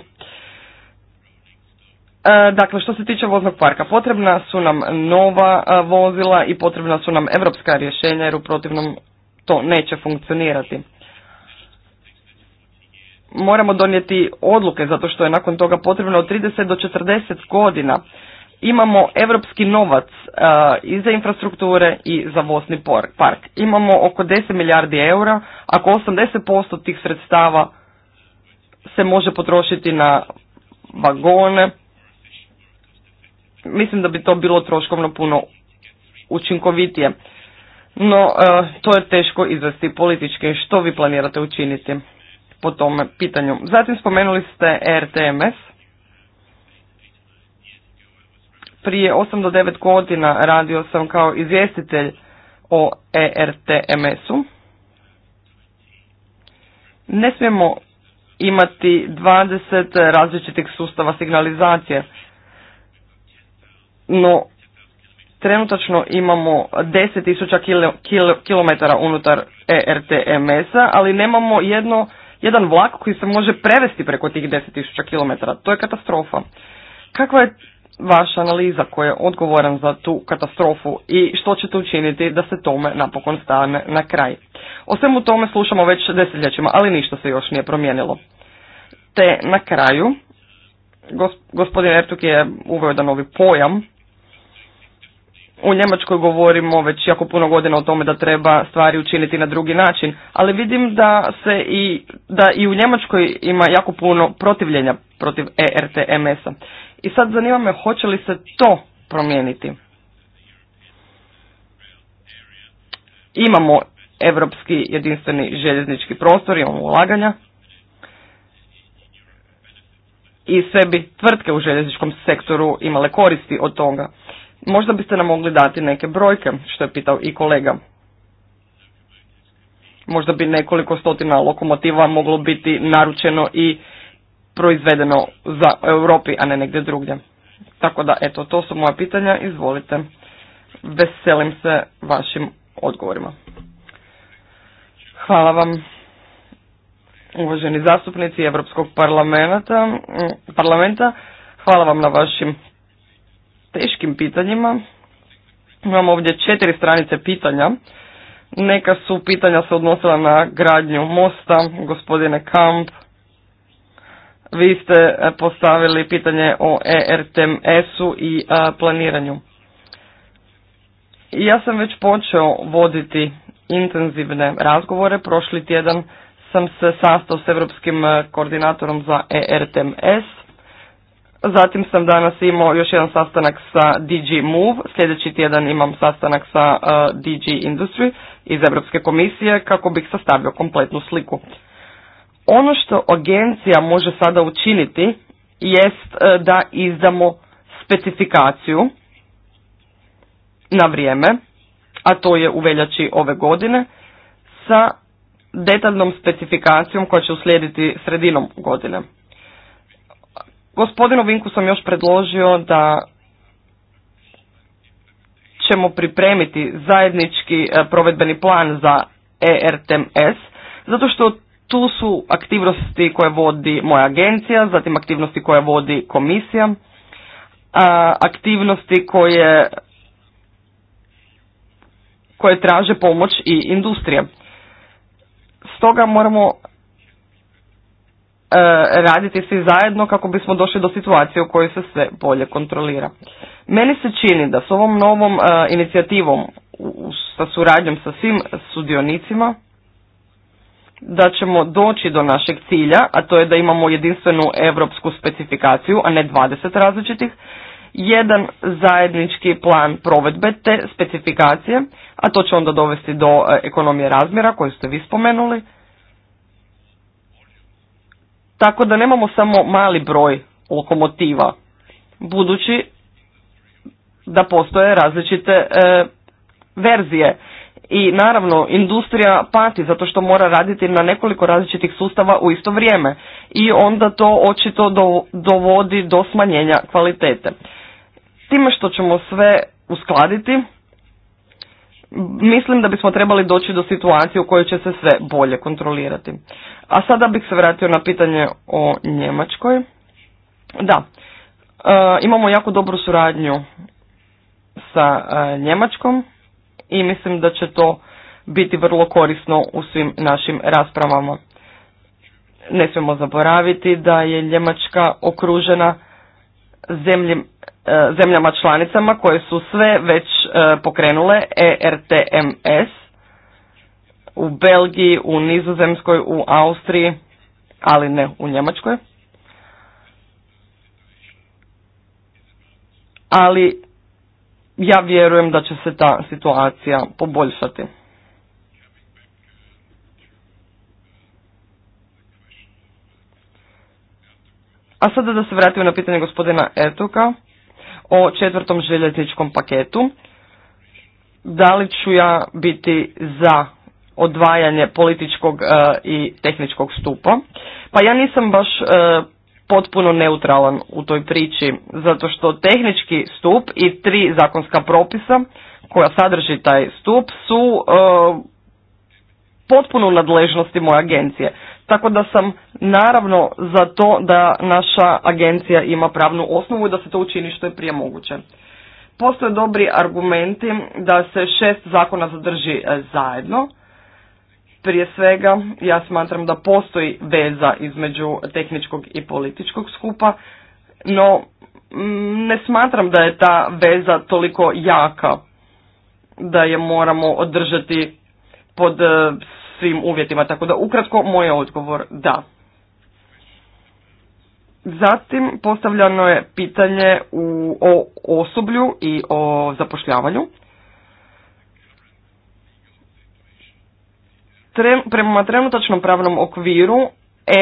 E, dakle, što se tiče voznog parka, potrebna su nam nova e, vozila i potrebna su nam evropska rješenja jer u protivnom to neće funkcionirati. Moramo donijeti odluke zato što je nakon toga potrebno od 30 do 40 godina. Imamo evropski novac e, i za infrastrukture i za vozni park. Imamo oko 10 milijardi eura, ako 80% tih sredstava se može potrošiti na vagone, Mislim da bi to bilo troškovno puno učinkovitije. No, e, to je teško izvesti političke. Što vi planirate učiniti po tome pitanju? Zatim spomenuli ste RTMS. Prije 8 do 9 godina radio sam kao izvjestitelj o ERTMS-u. Ne smijemo imati 20 različitih sustava signalizacije no trenutačno imamo 10.000 kilo, kilometara unutar ERTMS-a, ali nemamo jedno, jedan vlak koji se može prevesti preko tih 10.000 kilometara. To je katastrofa. Kakva je vaša analiza koja je odgovoran za tu katastrofu i što ćete učiniti da se tome napokon stane na kraj? O svemu tome slušamo već desetljećima, ali ništa se još nije promijenilo. Te na kraju, gospodin Ertuk je uveo jedan novi pojam, u Njemačkoj govorimo već jako puno godina o tome da treba stvari učiniti na drugi način, ali vidim da se i, da i u Njemačkoj ima jako puno protivljenja protiv ERTMS-a. I sad zanima me hoće li se to promijeniti. Imamo europski jedinstveni željeznički prostor, imamo ulaganja i sebi bi tvrtke u željezničkom sektoru imale koristi od toga. Možda biste nam mogli dati neke brojke, što je pitao i kolega. Možda bi nekoliko stotina lokomotiva moglo biti naručeno i proizvedeno za Europi, a ne negdje drugdje. Tako da, eto, to su moja pitanja, izvolite. Veselim se vašim odgovorima. Hvala vam, uvaženi zastupnici Europskog parlamenta, parlamenta. Hvala vam na vašim teškim pitanjima. Imamo ovdje četiri stranice pitanja. Neka su pitanja se odnosila na gradnju mosta, gospodine Kamp. Vi ste e, postavili pitanje o ERTMS-u i e, planiranju. Ja sam već počeo voditi intenzivne razgovore. Prošli tjedan sam se sastao s europskim e, koordinatorom za ERTMS Zatim sam danas imao još jedan sastanak sa DG Move, sljedeći tjedan imam sastanak sa uh, DG Industry iz Europske komisije kako bih sastavio kompletnu sliku. Ono što agencija može sada učiniti jest uh, da izdamo specifikaciju na vrijeme, a to je u veljači ove godine, sa detaljnom specifikacijom koja će uslijediti sredinom godine. Gospodinu Vinku sam još predložio da ćemo pripremiti zajednički e, provedbeni plan za ERTMS, zato što tu su aktivnosti koje vodi moja agencija, zatim aktivnosti koje vodi komisija, aktivnosti koje, koje traže pomoć i industrije. Stoga moramo E, raditi svi zajedno kako bismo došli do situacije u kojoj se sve bolje kontrolira. Meni se čini da s ovom novom e, inicijativom sa suradnjom sa svim sudionicima da ćemo doći do našeg cilja, a to je da imamo jedinstvenu europsku specifikaciju, a ne 20 različitih, jedan zajednički plan provedbe te specifikacije, a to će onda dovesti do e, ekonomije razmjera koju ste vi spomenuli, tako da nemamo samo mali broj lokomotiva, budući da postoje različite e, verzije. I naravno, industrija pati zato što mora raditi na nekoliko različitih sustava u isto vrijeme i onda to očito dovodi do smanjenja kvalitete. Time što ćemo sve uskladiti, mislim da bismo trebali doći do situacije u kojoj će se sve bolje kontrolirati. A sada bih se vratio na pitanje o Njemačkoj. Da, e, imamo jako dobru suradnju sa e, Njemačkom i mislim da će to biti vrlo korisno u svim našim raspravama. Ne smijemo zaboraviti da je Njemačka okružena e, zemljama članicama koje su sve već pokrenule ERTMS u Belgiji, u Nizozemskoj, u Austriji, ali ne u Njemačkoj. Ali ja vjerujem da će se ta situacija poboljšati. A sada da se vratimo na pitanje gospodina Etuka o četvrtom željezničkom paketu. Da li ću ja biti za odvajanje političkog e, i tehničkog stupa. Pa ja nisam baš e, potpuno neutralan u toj priči, zato što tehnički stup i tri zakonska propisa koja sadrži taj stup su e, potpuno u nadležnosti moje agencije. Tako da sam naravno za to da naša agencija ima pravnu osnovu i da se to učini što je prije moguće. Postoje dobri argumenti da se šest zakona zadrži zajedno, prije svega, ja smatram da postoji veza između tehničkog i političkog skupa, no mm, ne smatram da je ta veza toliko jaka da je moramo održati pod e, svim uvjetima. Tako da ukratko moj je odgovor da. Zatim postavljano je pitanje o osoblju i o zapošljavanju. prema trenutačnom pravnom okviru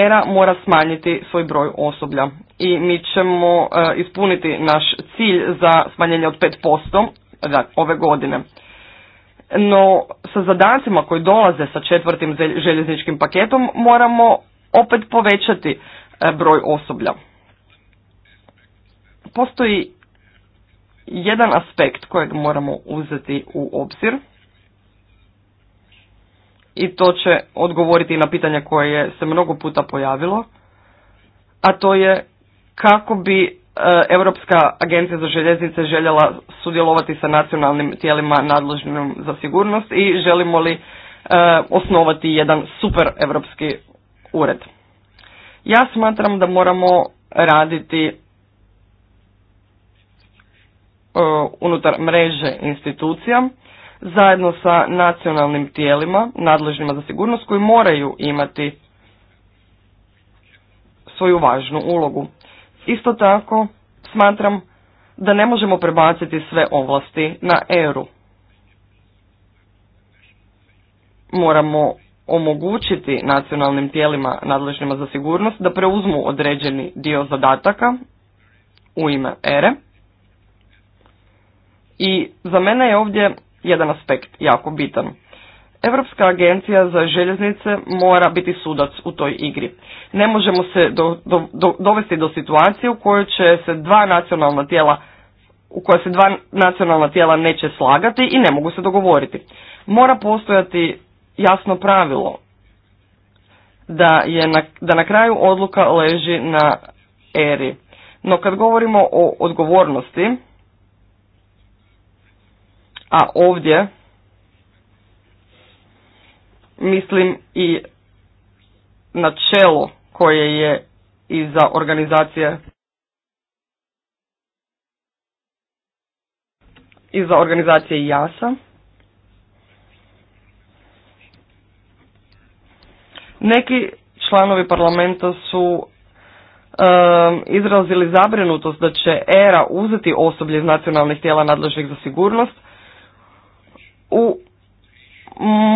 ERA mora smanjiti svoj broj osoblja i mi ćemo e, ispuniti naš cilj za smanjenje od 5% za ove godine. No sa zadacima koji dolaze sa četvrtim željezničkim paketom moramo opet povećati e, broj osoblja. Postoji jedan aspekt kojeg moramo uzeti u obzir i to će odgovoriti na pitanje koje je se mnogo puta pojavilo, a to je kako bi e, Europska agencija za željeznice željela sudjelovati sa nacionalnim tijelima nadležnim za sigurnost i želimo li e, osnovati jedan super europski ured. Ja smatram da moramo raditi e, unutar mreže institucija zajedno sa nacionalnim tijelima nadležnima za sigurnost koji moraju imati svoju važnu ulogu. Isto tako smatram da ne možemo prebaciti sve ovlasti na eru. Moramo omogućiti nacionalnim tijelima nadležnima za sigurnost da preuzmu određeni dio zadataka u ime ere. I za mene je ovdje jedan aspekt jako bitan. Europska agencija za željeznice mora biti sudac u toj igri. Ne možemo se do, do, dovesti do situacije u kojoj će se dva nacionalna tijela u koja se dva nacionalna tijela neće slagati i ne mogu se dogovoriti. Mora postojati jasno pravilo da, je na, da na kraju odluka leži na eri. No kad govorimo o odgovornosti, a ovdje mislim i načelo koje je iza organizacije i za organizacije JASA. Neki članovi parlamenta su um, izrazili zabrinutost da će ERA uzeti osoblje iz nacionalnih tijela nadležnih za sigurnost u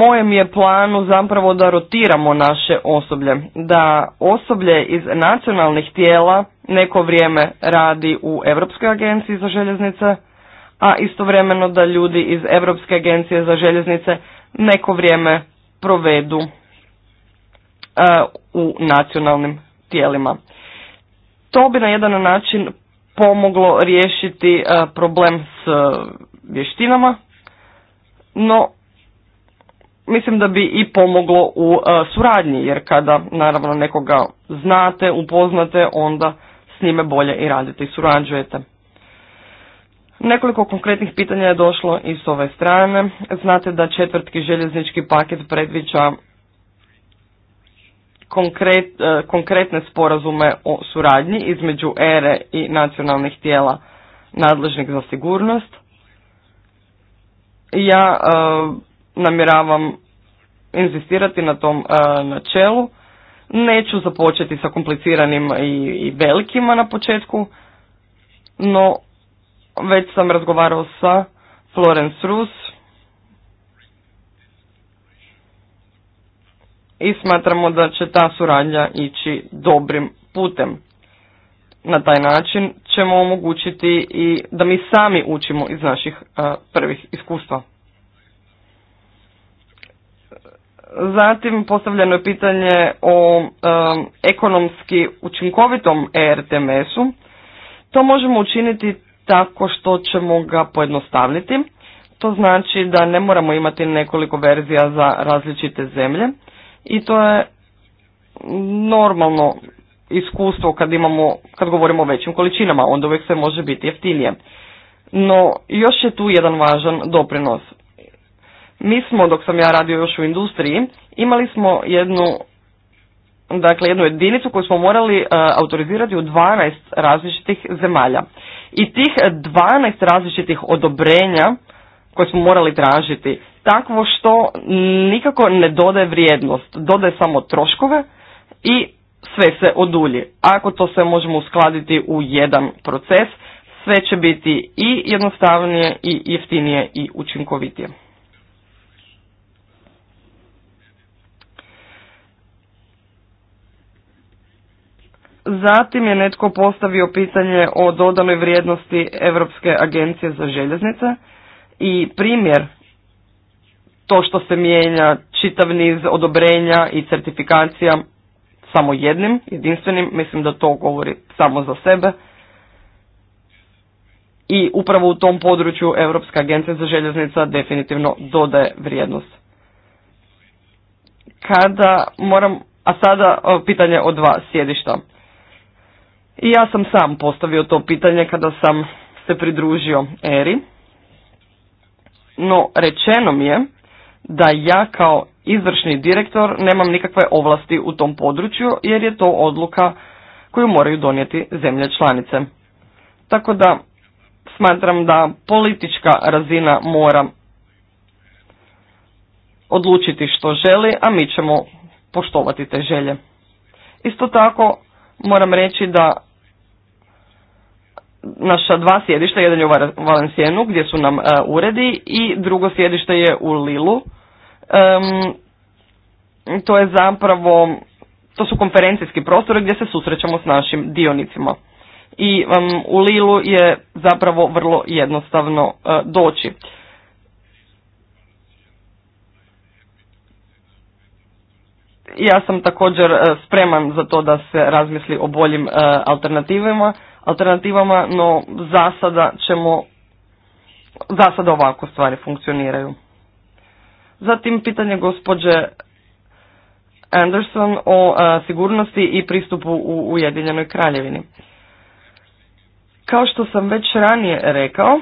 mojem je planu zapravo da rotiramo naše osoblje, da osoblje iz nacionalnih tijela neko vrijeme radi u Europskoj agenciji za željeznice, a istovremeno da ljudi iz Europske agencije za željeznice neko vrijeme provedu e, u nacionalnim tijelima. To bi na jedan način pomoglo riješiti e, problem s e, vještinama no mislim da bi i pomoglo u e, suradnji jer kada naravno nekoga znate, upoznate, onda s njime bolje i radite i surađujete. Nekoliko konkretnih pitanja je došlo i s ove strane. Znate da četvrtki željeznički paket predviđa konkret, e, konkretne sporazume o suradnji između ERE i nacionalnih tijela nadležnih za sigurnost ja e, namjeravam inzistirati na tom e, načelu. Neću započeti sa kompliciranim i velikima na početku, no već sam razgovarao sa Florence Rus i smatramo da će ta suradnja ići dobrim putem. Na taj način ćemo omogućiti i da mi sami učimo iz naših e, prvih iskustva. Zatim postavljeno je pitanje o e, ekonomski učinkovitom ERTMS-u. To možemo učiniti tako što ćemo ga pojednostavniti. To znači da ne moramo imati nekoliko verzija za različite zemlje i to je normalno iskustvo kad imamo, kad govorimo o većim količinama, onda uvijek sve može biti jeftinije. No, još je tu jedan važan doprinos. Mi smo, dok sam ja radio još u industriji, imali smo jednu, dakle, jednu jedinicu koju smo morali e, autorizirati u 12 različitih zemalja. I tih 12 različitih odobrenja koje smo morali tražiti, takvo što nikako ne dodaje vrijednost, dodaje samo troškove i sve se odulji. Ako to sve možemo uskladiti u jedan proces, sve će biti i jednostavnije i jeftinije i učinkovitije. Zatim je netko postavio pitanje o dodanoj vrijednosti Europske agencije za željeznice i primjer to što se mijenja čitav niz odobrenja i certifikacija samo jednim, jedinstvenim, mislim da to govori samo za sebe. I upravo u tom području Europska agencija za željeznica definitivno dodaje vrijednost. Kada moram, a sada e, pitanje o dva sjedišta. I ja sam sam postavio to pitanje kada sam se pridružio Eri. No, rečeno mi je da ja kao izvršni direktor nemam nikakve ovlasti u tom području jer je to odluka koju moraju donijeti zemlje članice. Tako da smatram da politička razina mora odlučiti što želi, a mi ćemo poštovati te želje. Isto tako moram reći da naša dva sjedišta, jedan je u Valencijenu gdje su nam e, uredi i drugo sjedište je u Lilu um, to je zapravo, to su konferencijski prostori gdje se susrećemo s našim dionicima. I um, u Lilu je zapravo vrlo jednostavno e, doći. Ja sam također e, spreman za to da se razmisli o boljim e, alternativama, alternativama, no za ćemo, za sada ovako stvari funkcioniraju. Zatim pitanje gospođe Anderson o e, sigurnosti i pristupu u Ujedinjenoj kraljevini. Kao što sam već ranije rekao,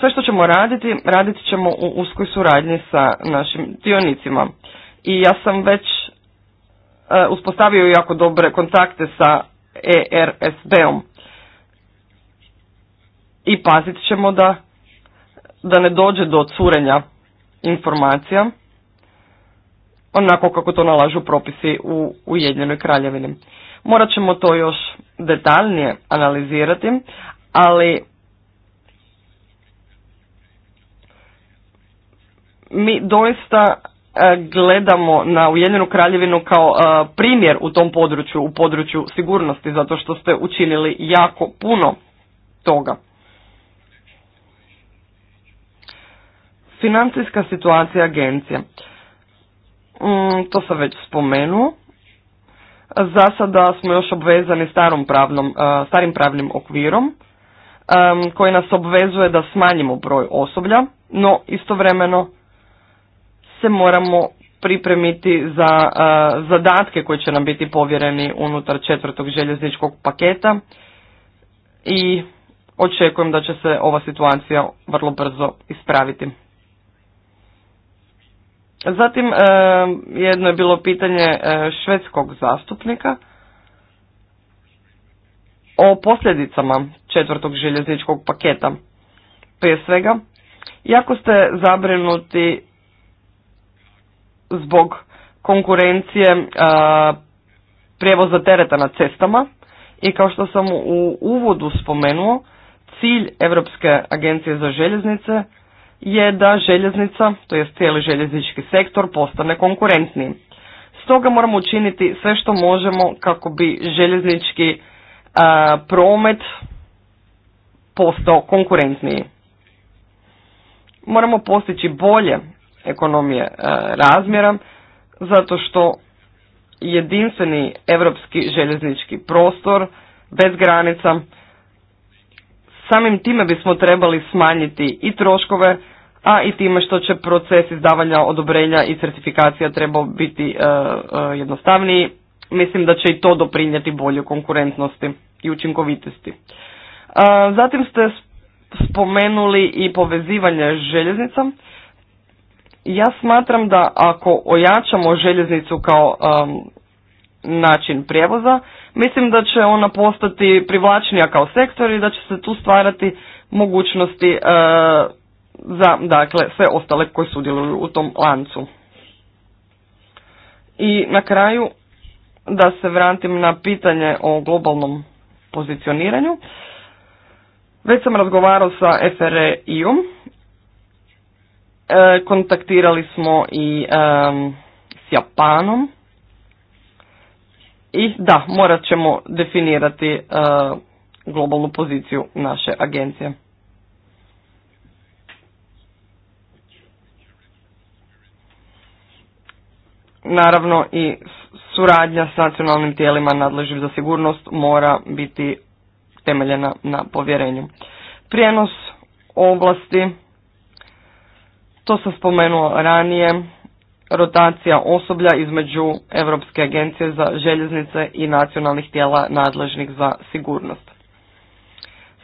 sve što ćemo raditi, radit ćemo u uskoj suradnji sa našim dionicima. I ja sam već e, uspostavio jako dobre kontakte sa ERSB-om. I pazit ćemo da, da ne dođe do curenja informacija onako kako to nalažu propisi u Ujedinjenoj kraljevini. Morat ćemo to još detaljnije analizirati, ali mi doista e, gledamo na Ujedinjenu kraljevinu kao e, primjer u tom području, u području sigurnosti, zato što ste učinili jako puno toga. Financijska situacija agencije. Mm, to sam već spomenuo. Za sada smo još obvezani e, starim pravnim okvirom koji nas obvezuje da smanjimo broj osoblja, no istovremeno se moramo pripremiti za e, zadatke koji će nam biti povjereni unutar četvrtog željezničkog paketa i očekujem da će se ova situacija vrlo brzo ispraviti. Zatim, e, jedno je bilo pitanje e, švedskog zastupnika o posljedicama četvrtog željezničkog paketa. Prije svega, jako ste zabrinuti zbog konkurencije e, prijevoza tereta na cestama i kao što sam u uvodu spomenuo, cilj Europske agencije za željeznice je da željeznica, to jest cijeli željeznički sektor, postane konkurentniji. Stoga moramo učiniti sve što možemo kako bi željeznički e, promet postao konkurentniji. Moramo postići bolje ekonomije e, razmjera, zato što jedinstveni europski željeznički prostor bez granica, samim time bismo trebali smanjiti i troškove, a i time što će proces izdavanja odobrenja i certifikacija trebao biti e, e, jednostavniji, mislim da će i to doprinijeti boljoj konkurentnosti i učinkovitosti. E, zatim ste spomenuli i povezivanje željeznicom. Ja smatram da ako ojačamo željeznicu kao način prijevoza, mislim da će ona postati privlačnija kao sektor i da će se tu stvarati mogućnosti za dakle, sve ostale koji sudjeluju u tom lancu. I na kraju, da se vratim na pitanje o globalnom pozicioniranju. Već sam razgovarao sa fre om e, kontaktirali smo i s Japanom i da, morat ćemo definirati e, globalnu poziciju naše agencije. naravno i suradnja s nacionalnim tijelima nadležnim za sigurnost mora biti temeljena na povjerenju. Prijenos ovlasti, to sam spomenuo ranije, rotacija osoblja između Europske agencije za željeznice i nacionalnih tijela nadležnih za sigurnost.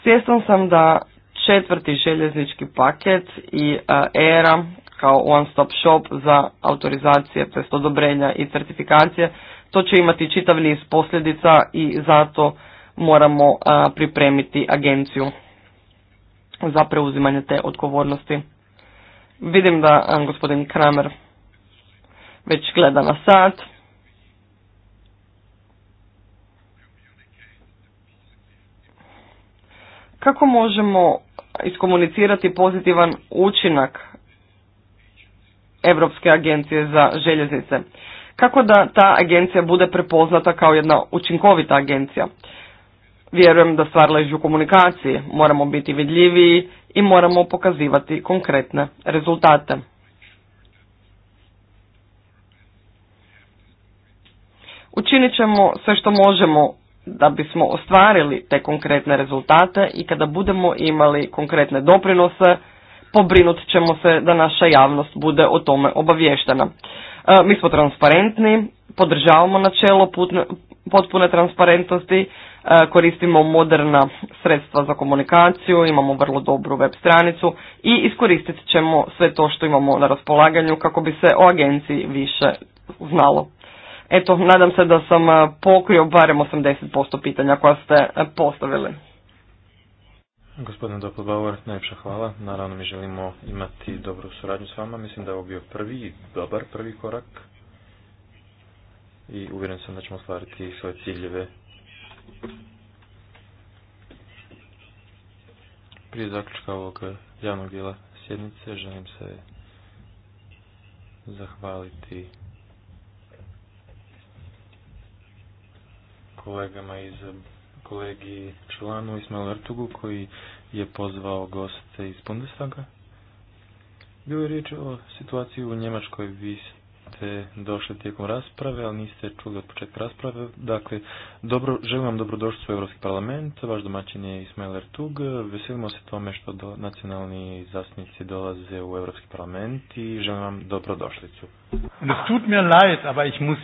Svjestan sam da četvrti željeznički paket i ERA kao one stop shop za autorizacije, tj. odobrenja i certifikacije. To će imati čitav niz posljedica i zato moramo pripremiti agenciju za preuzimanje te odgovornosti. Vidim da gospodin Kramer već gleda na sat. Kako možemo iskomunicirati pozitivan učinak Europske agencije za željeznice. Kako da ta agencija bude prepoznata kao jedna učinkovita agencija? Vjerujem da stvar leži u komunikaciji, moramo biti vidljiviji i moramo pokazivati konkretne rezultate. Učinit ćemo sve što možemo da bismo ostvarili te konkretne rezultate i kada budemo imali konkretne doprinose, pobrinut ćemo se da naša javnost bude o tome obavještena. E, mi smo transparentni, podržavamo načelo potpune transparentnosti, e, koristimo moderna sredstva za komunikaciju, imamo vrlo dobru web stranicu i iskoristit ćemo sve to što imamo na raspolaganju kako bi se o agenciji više znalo. Eto, nadam se da sam e, pokrio barem 80% pitanja koja ste postavili. Gospodine Bauer, najljepša hvala. Naravno mi želimo imati dobru suradnju s vama. Mislim da je ovo bio prvi, dobar prvi korak i uvjeren sam da ćemo ostvariti svoje ciljeve. Prije zaključka ovog javnog dijela sjednice želim se zahvaliti kolegama iz kolegi članu ismail Ertugu koji je pozvao goste iz Bundestaga. Bilo je riječ o situaciji u Njemačkoj. Vi ste došli tijekom rasprave, ali niste čuli od početka rasprave. Dakle, dobro, želim vam dobrodošli u Europski parlament. Vaš domaćin je Ismail Ertug. Veselimo se tome što do, nacionalni zastupnici dolaze u Europski parlament i želim vam dobrodošlicu. Und es tut mir leid, aber ich muss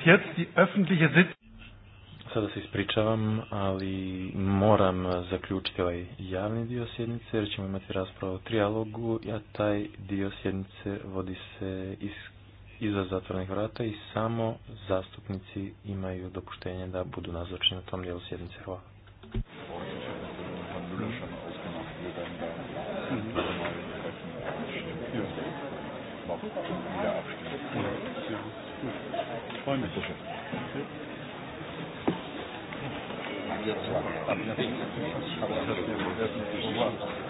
Sada se ispričavam, ali moram zaključiti ovaj javni dio sjednice jer ćemo imati raspravu o trijalogu, a taj dio sjednice vodi se iz, iza zatvornih vrata i samo zastupnici imaju dopuštenje da budu nazočni na tom dijelu sjednice. Hvala da se, a